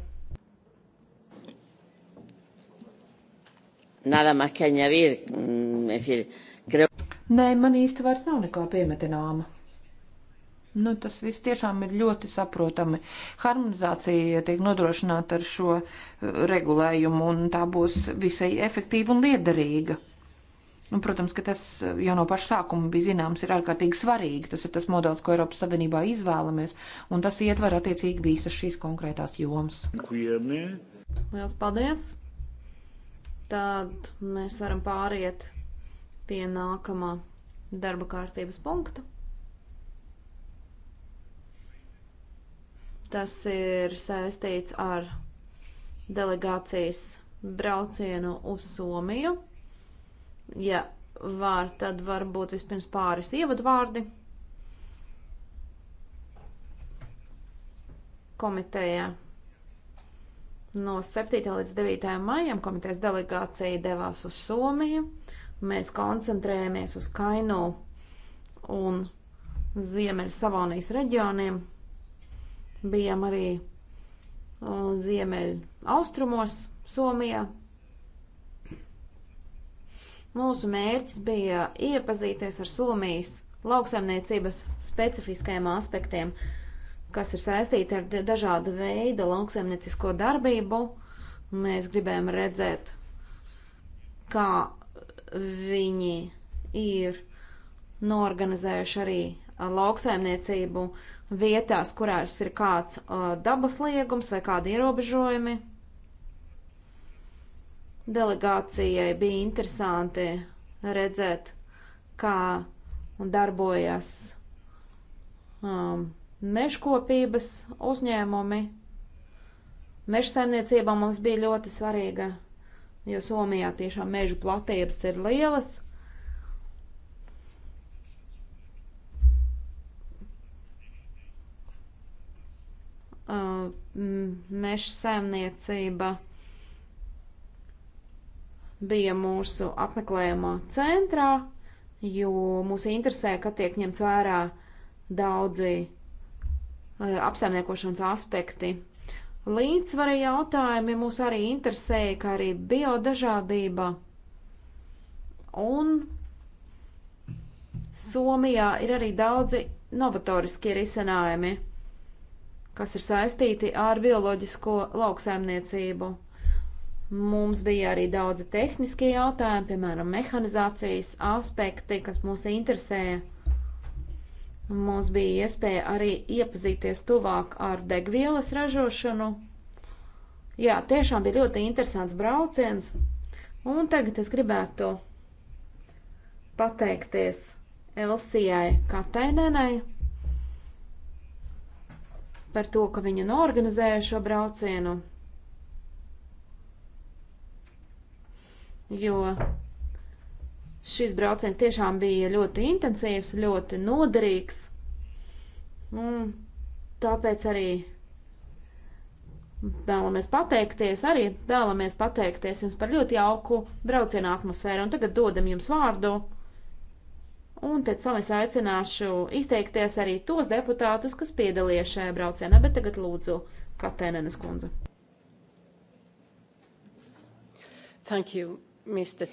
nada más que añadir. Mm, es decir, creo... Nē, man īsti vairs nav nekā piemetināma. Nu, tas viss tiešām ir ļoti saprotami. Harmonizācija tiek nodrošināta ar šo uh, regulējumu, un tā būs visai efektīva un liederīga. Un, protams, ka tas uh, jau no paša sākuma bija zināms, ir ārkārtīgi svarīgi. Tas ir tas modelis, ko Eiropas Savienībā izvēlamies, un tas ietver attiecīgi visas šīs konkrētās jomas. Liels paldies! tad mēs varam pāriet pie nākamā darba kārtības punkta. Tas ir saistīts ar delegācijas braucienu uz Somiju. Ja var, tad varbūt vispirms pāris ievadvārdi. Komitejā No 7. līdz 9. maijam komitejas delegācija devās uz Somiju. Mēs koncentrējāmies uz Kainu un Ziemeļa Savonijas reģioniem. Bijām arī uh, Ziemeļa austrumos Somijā. Mūsu mērķis bija iepazīties ar Somijas lauksaimniecības specifiskajiem aspektiem. Uh, kas ir saistīti ar dažādu veidu lauksaimniecisko darbību. Mēs gribējām redzēt, kā viņi ir norganizējuši arī lauksaimniecību vietās, kurās ir kāds dabas liegums vai kādi ierobežojumi. Delegācijai bija interesanti redzēt, kā darbojās um, mežkopības uzņēmumi. Mežsaimniecībā mums bija ļoti svarīga, jo Somijā tiešām mežu platības ir lielas. Mežsaimniecība bija mūsu apmeklējumā centrā, jo mūs interesē, ka tiek ņemts vērā daudzi E, apsaimniekošanas aspekti. Līdzsvara jautājumi mūs arī interesēja, kā arī biodažādība. Un Somijā ir arī daudzi novatoriskie risinājumi, kas ir saistīti ar bioloģisko lauksaimniecību. Mums bija arī daudzi tehniskie jautājumi, piemēram, mehanizācijas aspekti, kas mūs interesēja. Mums bija iespēja arī iepazīties tuvāk ar degvielas ražošanu. Jā, tiešām bija ļoti interesants brauciens. Un tagad es gribētu pateikties Elsijai Katainenai par to, ka viņa norganizēja šo braucienu. Jo Šis brauciens tiešām bija ļoti intensīvs, ļoti noderīgs. Un tāpēc arī vēlamies pateikties, arī vēlamies pateikties jums par ļoti jauku braucienu atmosfēru. Un tagad dodam jums vārdu. Un pēc tam es aicināšu izteikties arī tos deputātus, kas piedalījās šajā braucienā, bet tagad lūdzu Katēnenes kundze. Thank you, Mr.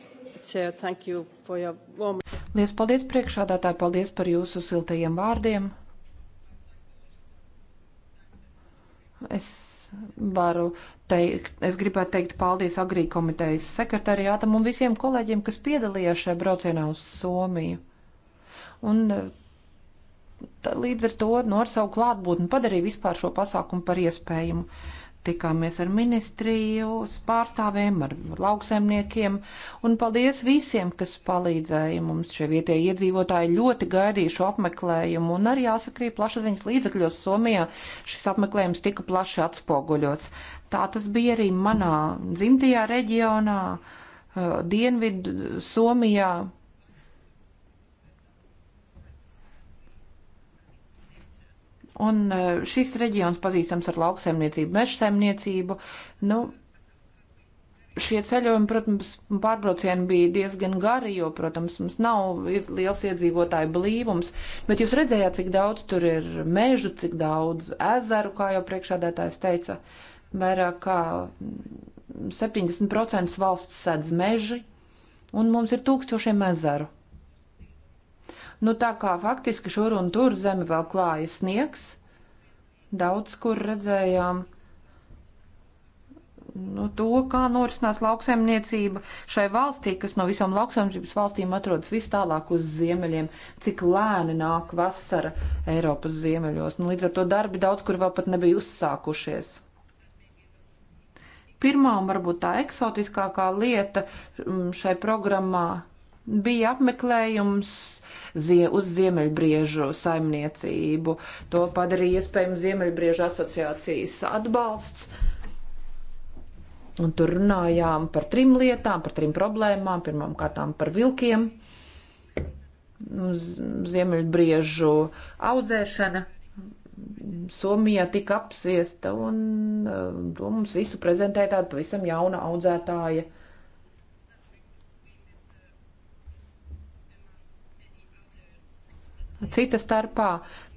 Lies paldies priekšādātāji, paldies par jūsu siltajiem vārdiem. Es varu teikt, es gribētu teikt paldies Agrī komitejas sekretariātam un visiem kolēģiem, kas piedalījās šajā braucienā uz Somiju. Un eh, tā, līdz ar to no nu, ar savu klātbūtni padarīja vispār šo pasākumu par iespējumu tikāmies ar ministriju, pārstāvēm, ar lauksaimniekiem, un paldies visiem, kas palīdzēja mums. Šie vietējie iedzīvotāji ļoti gaidīja šo apmeklējumu, un arī jāsaka, arī plašsaziņas līdzakļos Somijā šis apmeklējums tika plaši atspoguļots. Tā tas bija arī manā dzimtajā reģionā, uh, Dienvidu Somijā, Un eh, šis reģions pazīstams ar lauksaimniecību, mežsaimniecību. Nu, šie ceļojumi, protams, pārbraucieni bija diezgan gari, jo, protams, mums nav liels iedzīvotāju blīvums, bet jūs redzējāt, cik daudz tur ir mežu, cik daudz ezeru, kā jau priekšādētājs teica, vairāk kā 70% valsts sedz meži, un mums ir tūkstošiem ezeru. Nu tā kā faktiski šur un tur zemi vēl klāja sniegs, daudz kur redzējām nu, to, kā norisinās lauksaimniecība šai valstī, kas no visām lauksaimniecības valstīm atrodas vis tālāk uz ziemeļiem, cik lēni nāk vasara Eiropas ziemeļos. Nu, līdz ar to darbi daudz kur vēl pat nebija uzsākušies. Pirmā un varbūt tā eksotiskākā lieta mm, šai programmā bija apmeklējums zie, uz Ziemeļbriežu saimniecību. To padarīja iespējams Ziemeļbriežu asociācijas atbalsts. Un tur runājām par trim lietām, par trim problēmām. Pirmām kārtām par vilkiem, ziemeļbriežu audzēšana. Somijā tika apsviesta, un uh, to mums visu prezentēja tāda pavisam jauna audzētāja uh, Cita starpā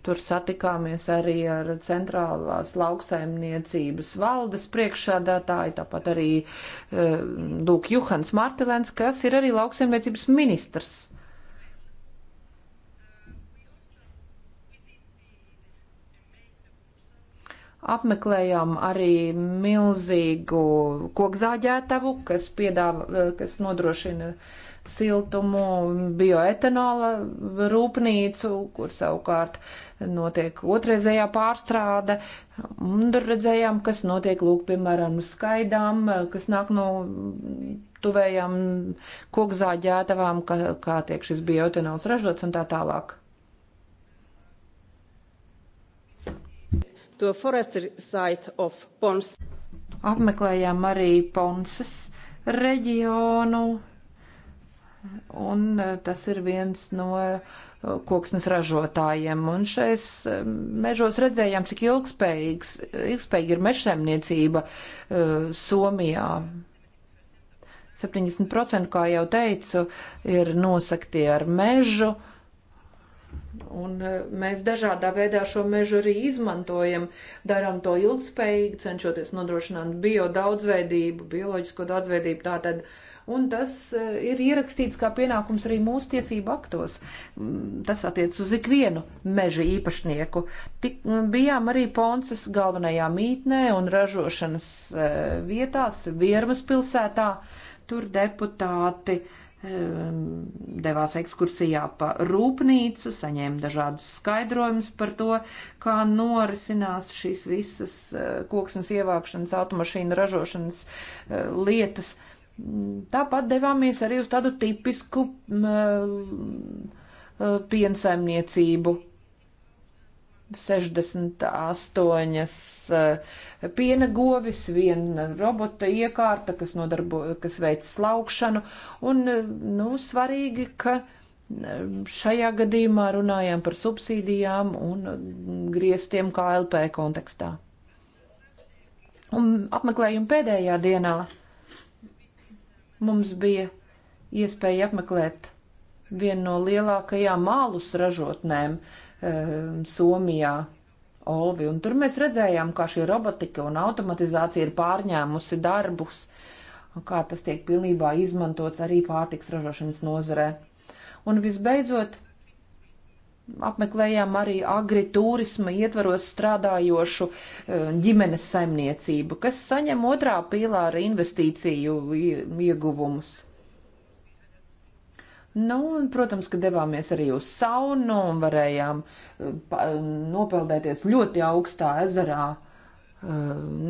tur satikāmies arī ar centrālās lauksaimniecības valdes priekšsādātāju, tāpat arī uh, eh, Lūk Juhans Martelens, kas ir arī lauksaimniecības ministrs. Apmeklējām arī milzīgu kokzāģētavu, kas, piedāva, eh, kas nodrošina uh, siltumu bioetanola rūpnīcu, kur savukārt notiek otrreizējā pārstrāde. Un tur redzējām, kas notiek, lūk, piemēram, skaidām, kas nāk no tuvējām kokzāģētavām, kā, kā tiek šis bioetanols ražots un tā tālāk. to forestry site of Pons. Apmeklējām arī Ponsas reģionu, Un e, tas ir viens no e, koksnes ražotājiem. Un šais e, mežos redzējām, cik ilgspējīgs, ilgspējīga ir mežsaimniecība Somijā. 70%, kā jau teicu, ir nosakti ar mežu. Un mēs dažādā veidā šo mežu arī izmantojam, darām to ilgspējīgi, cenšoties nodrošināt bio daudzveidību, bioloģisko daudzveidību. Tātad, uh, un tas eh, ir ierakstīts kā pienākums arī mūsu tiesību aktos. Mm, tas attiec uz ikvienu meža īpašnieku. Tik, mm, bijām arī Ponsas galvenajā mītnē un ražošanas eh, vietās, Viermas pilsētā. Tur deputāti ehm, devās ekskursijā pa rūpnīcu, saņēma dažādus skaidrojumus par to, kā norisinās šīs visas eh, koksnes ievākšanas, automašīnu ražošanas lietas. Uh, Tāpat devāmies arī uz tādu tipisku piensaimniecību. 68 e, piena govis, viena robota iekārta, kas, nodarbo, kas veic slaukšanu, un, e, nu, svarīgi, ka e, šajā gadījumā runājām par subsīdijām un griestiem KLP kontekstā. Un apmeklējuma pēdējā dienā mums bija iespēja apmeklēt vienu no lielākajām mālus ražotnēm e, Somijā. Olvi, un tur mēs redzējām, kā šī robotika un automatizācija ir pārņēmusi darbus, un kā tas tiek pilnībā izmantots arī pārtiks ražošanas nozarē. Un visbeidzot, apmeklējām arī agriturisma ietvaros strādājošu e, ģimenes saimniecību, kas saņem otrā pīlāra investīciju ieguvumus. Nu, un, protams, ka devāmies arī uz saunu un varējām e, nopeldēties ļoti augstā ezerā e,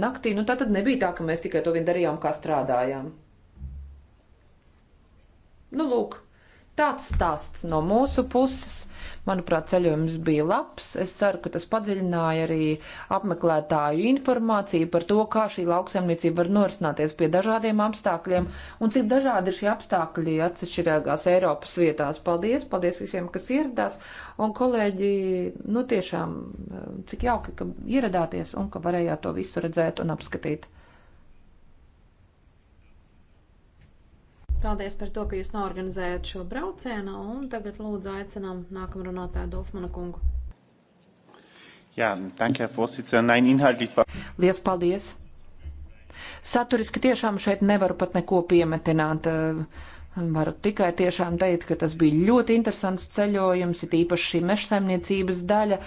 naktī. Nu, tā tad nebija tā, ka mēs tikai to vien darījām, kā strādājām. Nu, lūk, Tāds stāsts no mūsu puses. Manuprāt, ceļojums bija labs. Es ceru, ka tas padziļināja arī apmeklētāju informāciju par to, kā šī lauksaimniecība var norisināties pie dažādiem apstākļiem un cik dažādi ir šie apstākļi atsevišķīgās Eiropas vietās. Paldies! Paldies visiem, kas ieradās! Un, kolēģi, nu tiešām, cik jauki, ka ieradāties un ka varējāt to visu redzēt un apskatīt. Paldies par to, ka jūs norganizējat šo braucienu, un tagad lūdzu aicinām nākamu runātāju Dolfmanu kungu. Jā, danke, Herr Vorsitzender. Nein, inhaltlich war. Lies paldies. Saturiski tiešām šeit nevaru pat neko piemetināt. Eh, varu tikai tiešām teikt, ka tas bija ļoti interesants ceļojums, it īpaši šī mežsaimniecības daļa.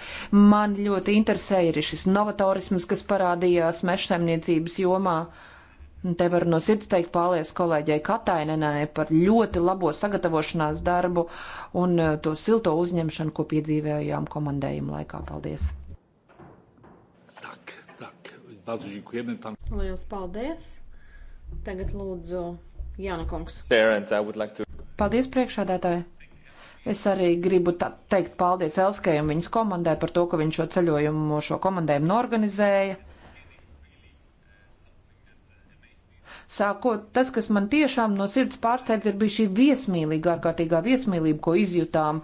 Man ļoti interesēja arī šis novatorisms, kas parādījās mežsaimniecības jomā. Uh, Te var no sirds teikt pālies kolēģei Katainenai par ļoti labo sagatavošanās darbu un eh, to silto uzņemšanu, ko piedzīvējām komandējuma laikā. Paldies! Tak, tak. Lielas paldies! Tagad lūdzu Jāna Kungs. Paldies priekšādātāji! Es arī gribu teikt paldies Elskai un viņas komandai par to, ka viņš šo ceļojumu, šo komandējumu norganizēja. Sākot, tas, kas man tiešām no sirds pārsteidz, ir bija šī viesmīlīga, ārkārtīgā viesmīlība, ko izjutām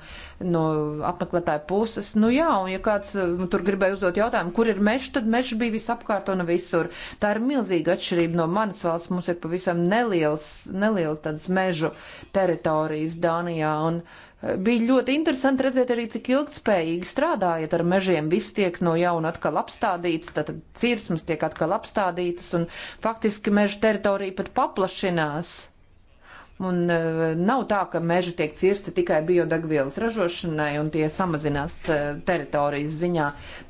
no apmeklētāja puses. Nu jā, un ja kāds nu, tur gribēja uzdot jautājumu, kur ir mežs, tad mežs bija visapkārt un visur. Tā ir milzīga atšķirība no manas valsts. Mums ir pavisam neliels, neliels tāds mežu teritorijas Dānijā. Un, uh, Bija ļoti interesanti redzēt arī, cik ilgspējīgi strādājat ar mežiem. Viss tiek no jauna atkal apstādīts, tad cirsmas tiek atkal apstādītas un faktiski meža teritorija pat paplašinās. Un eh, nav tā, ka meži tiek cirsti tikai biodegvielas ražošanai un tie samazinās eh, teritorijas ziņā.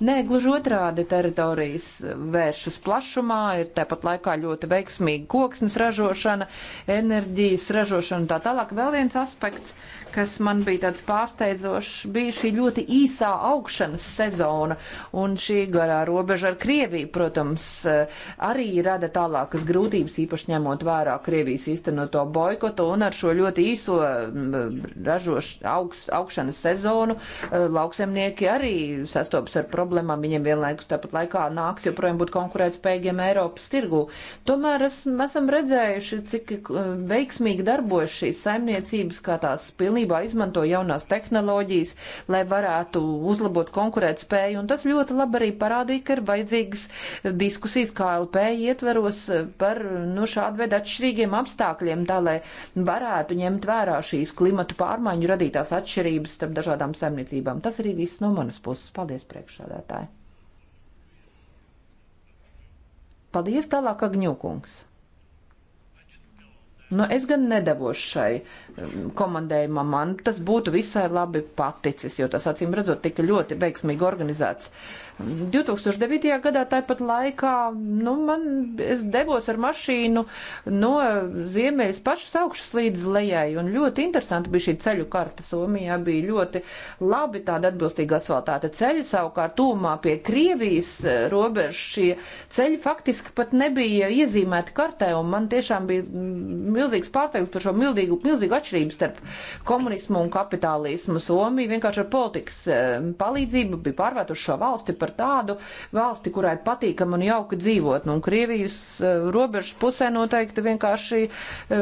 Nē, gluži otrādi teritorijas eh, vēršas plašumā, ir tāpat laikā ļoti veiksmīga koksnes ražošana, enerģijas ražošana un tā tālāk. Vēl viens aspekts, kas man bija tāds pārsteidzošs, bija šī ļoti īsā augšanas sezona, un šī garā robeža ar Krieviju, protams, eh, arī rada tālākas grūtības, īpaši ņemot vērā Krievijas īstenoto boikotu, un ar šo ļoti īso mm, ražoš, augs, augšanas sezonu eh, lauksemnieki arī sastopas ar problēmām, viņiem vienlaikus tāpat laikā nāks joprojām būt konkurētspējīgiem Eiropas tirgū. Tomēr es, esam redzējuši, cik eh, veiksmīgi darbojas šīs saimniecības, kā tās pilnībā pilnībā izmanto jaunās tehnoloģijas, lai varētu uzlabot konkurētspēju. Un tas ļoti labi arī parādīja, ka ir vajadzīgas diskusijas KLP ietveros par nu, šādu veidu atšķirīgiem apstākļiem, tā lai varētu ņemt vērā šīs klimatu pārmaiņu radītās atšķirības starp dažādām saimniecībām. Tas arī viss no manas puses. Paldies, priekšsādātāji! Paldies, tālāk Agņūkungs! Nu, es gan nedavos šai um, komandējumam, man tas būtu visai labi paticis, jo tas acīm redzot tika ļoti veiksmīgi organizēts. 2009. gadā tāpat laikā, nu, man, es devos ar mašīnu no ziemeļas pašas augšas līdz lejai, un ļoti interesanti bija šī ceļu karta Somijā, bija ļoti labi tāda atbilstīga asfaltāta ceļa, savukārt tūmā pie Krievijas eh, robežas šie ceļi faktiski pat nebija iezīmēti kartē, un man tiešām bija mm, milzīgs pārsteigums par šo milzīgu, milzīgu atšķirību starp komunismu un kapitālismu. Somija vienkārši ar politikas eh, palīdzību bija pārvērtuši šo valsti par tādu valsti, kurai ir patīkam un jauki dzīvot. Nu, un Krievijas e, robežas pusē noteikti vienkārši e,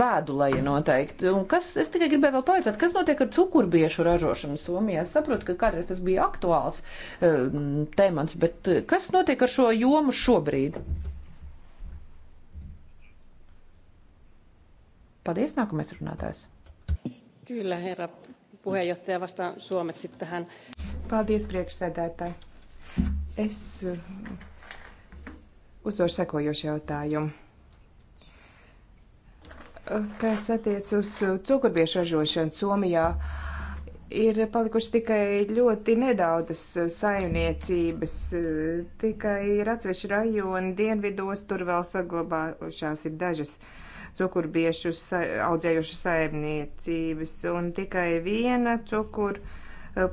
bēdulēja noteikti. Un kas, es tikai gribēju vēl pavaicāt, kas notiek ar cukurbiešu ražošanu Somijā? Es saprotu, ka kādreiz tas bija aktuāls e, temats, bet kas notiek ar šo jomu šobrīd? Paldies, nākamais runātājs. Kyllä, herra puheenjohtaja, vastaan suomeksi tähän. Paldies, priekšsēdētāji. Es uh, uzdošu sekojošu jautājumu. Uh, kas attiec uz uh, cukurbiešu ražošanu Somijā, ir palikuši tikai ļoti nedaudzas saimniecības, tikai ir atsevišķi rajoni dienvidos, tur vēl saglabājušās ir dažas cukurbiešu audzējušas saimniecības, un tikai viena cukurbiešu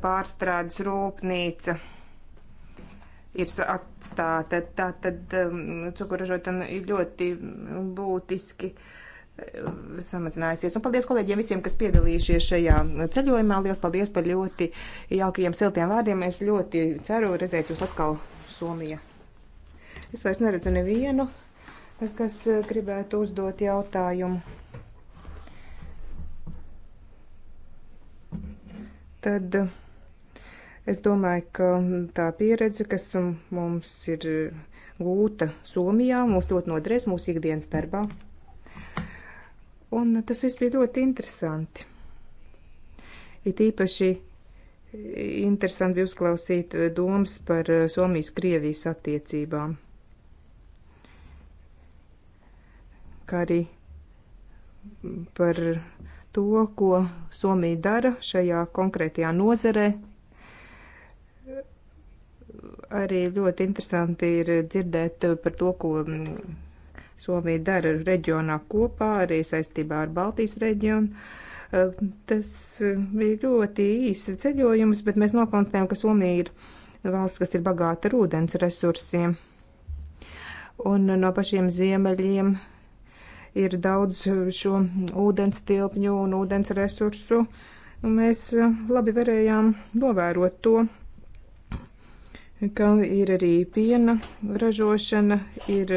pārstrādes rūpnīca ir atstāta. Tā tad um, cukuražotam ir ļoti būtiski uh, samazinājusies. Un paldies kolēģiem visiem, kas piedalījušies šajā ceļojumā. Lielas paldies par ļoti jaukajiem siltiem vārdiem. Es ļoti ceru redzēt jūs atkal Somijā. Es vairs neredzu nevienu, kas uh, gribētu uzdot jautājumu. tad eh, es domāju, ka tā pieredze, kas mums ir gūta Somijā, mūs ļoti noderēs mūsu ikdienas darbā. Un tas viss bija ļoti interesanti. It īpaši interesanti bija uzklausīt domas par eh, Somijas-Krievijas attiecībām. Kā arī par to, ko Somija dara šajā konkrētajā nozerē. Arī ļoti interesanti ir dzirdēt par to, ko Somija dara reģionā kopā, arī saistībā ar Baltijas reģionu. Tas bija ļoti īsi ceļojums, bet mēs nokonstatējam, ka Somija ir valsts, kas ir bagāta ar ūdens resursiem. Un no pašiem ziemeļiem ir daudz šo ūdens tilpņu un ūdens resursu. Mēs eh, labi varējām novērot to, ka ir arī piena ražošana, ir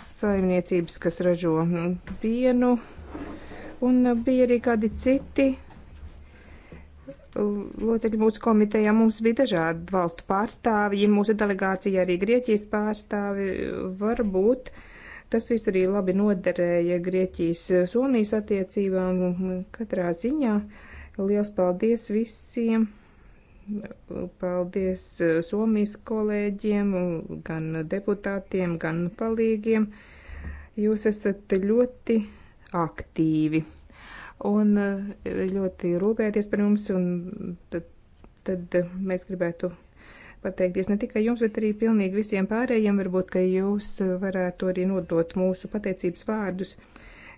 saimniecības, kas ražo pienu, un bija arī kādi citi locekļi mūsu komitejā. Mums bija dažādi valstu pārstāvji, mūsu delegācija arī Grieķijas pārstāvi. Varbūt uh, Tas viss arī labi noderēja Grieķijas eh, Somijas attiecībām. Katrā ziņā liels paldies visiem! Paldies eh, Somijas kolēģiem, gan deputātiem, gan palīgiem. Jūs esat ļoti aktīvi un eh, ļoti rūpēties par mums, un tad, tad mēs gribētu pateikties ne tikai jums, bet arī pilnīgi visiem pārējiem. Varbūt, ka jūs varētu arī nodot mūsu pateicības vārdus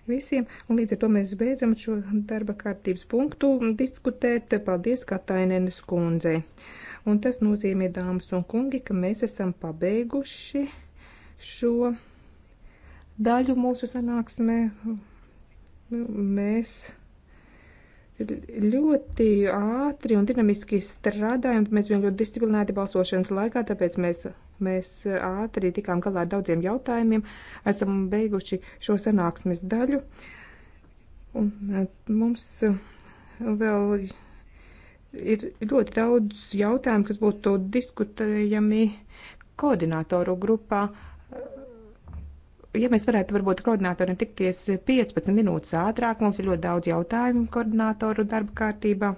visiem. Un līdz ar to mēs beidzam šo darba kārtības punktu diskutēt. Paldies Katainenes kundzei. Un tas nozīmē, dāmas un kungi, ka mēs esam pabeiguši šo daļu mūsu sanāksmē. Nu, mēs ļoti ātri un dinamiski strādājam, mēs bijām ļoti disciplinēti balsošanas laikā, tāpēc mēs, mēs ātri tikām galā ar daudziem jautājumiem, esam beiguši šo sanāksmes daļu. Un e, mums e, vēl ir ļoti daudz jautājumu, kas būtu diskutējami koordinātoru grupā. Uh, ja mēs varētu varbūt koordinātoriem tikties 15 minūtes ātrāk, mums ir ļoti daudz jautājumu koordinātoru darba kārtībā.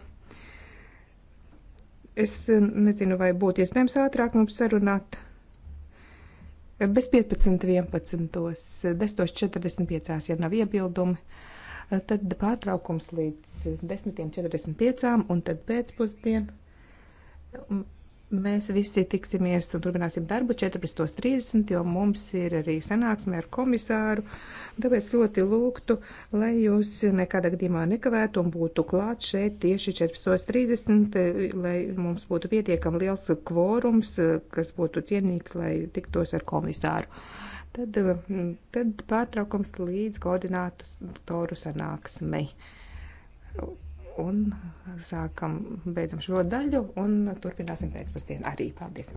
Es eh, nezinu, vai būtu iespējams ātrāk mums sarunāt. Bez 15, 11, 10.45, ja nav iebildumi, tad pārtraukums līdz 10.45 un tad pēcpusdien Mēs visi tiksimies un turpināsim darbu 14.30, jo mums ir arī sanāksme ar komisāru. Tāpēc ļoti lūgtu, lai jūs nekādā gadījumā nekavētu un būtu klāt šeit tieši 14.30, lai mums būtu pietiekami liels kvorums, kas būtu cienīgs, lai tiktos ar komisāru. Tad, tad pārtraukums līdz koordinātu toru sanāksmei un sākam, beidzam šo daļu un turpināsim pēcpusdienu arī. Paldies!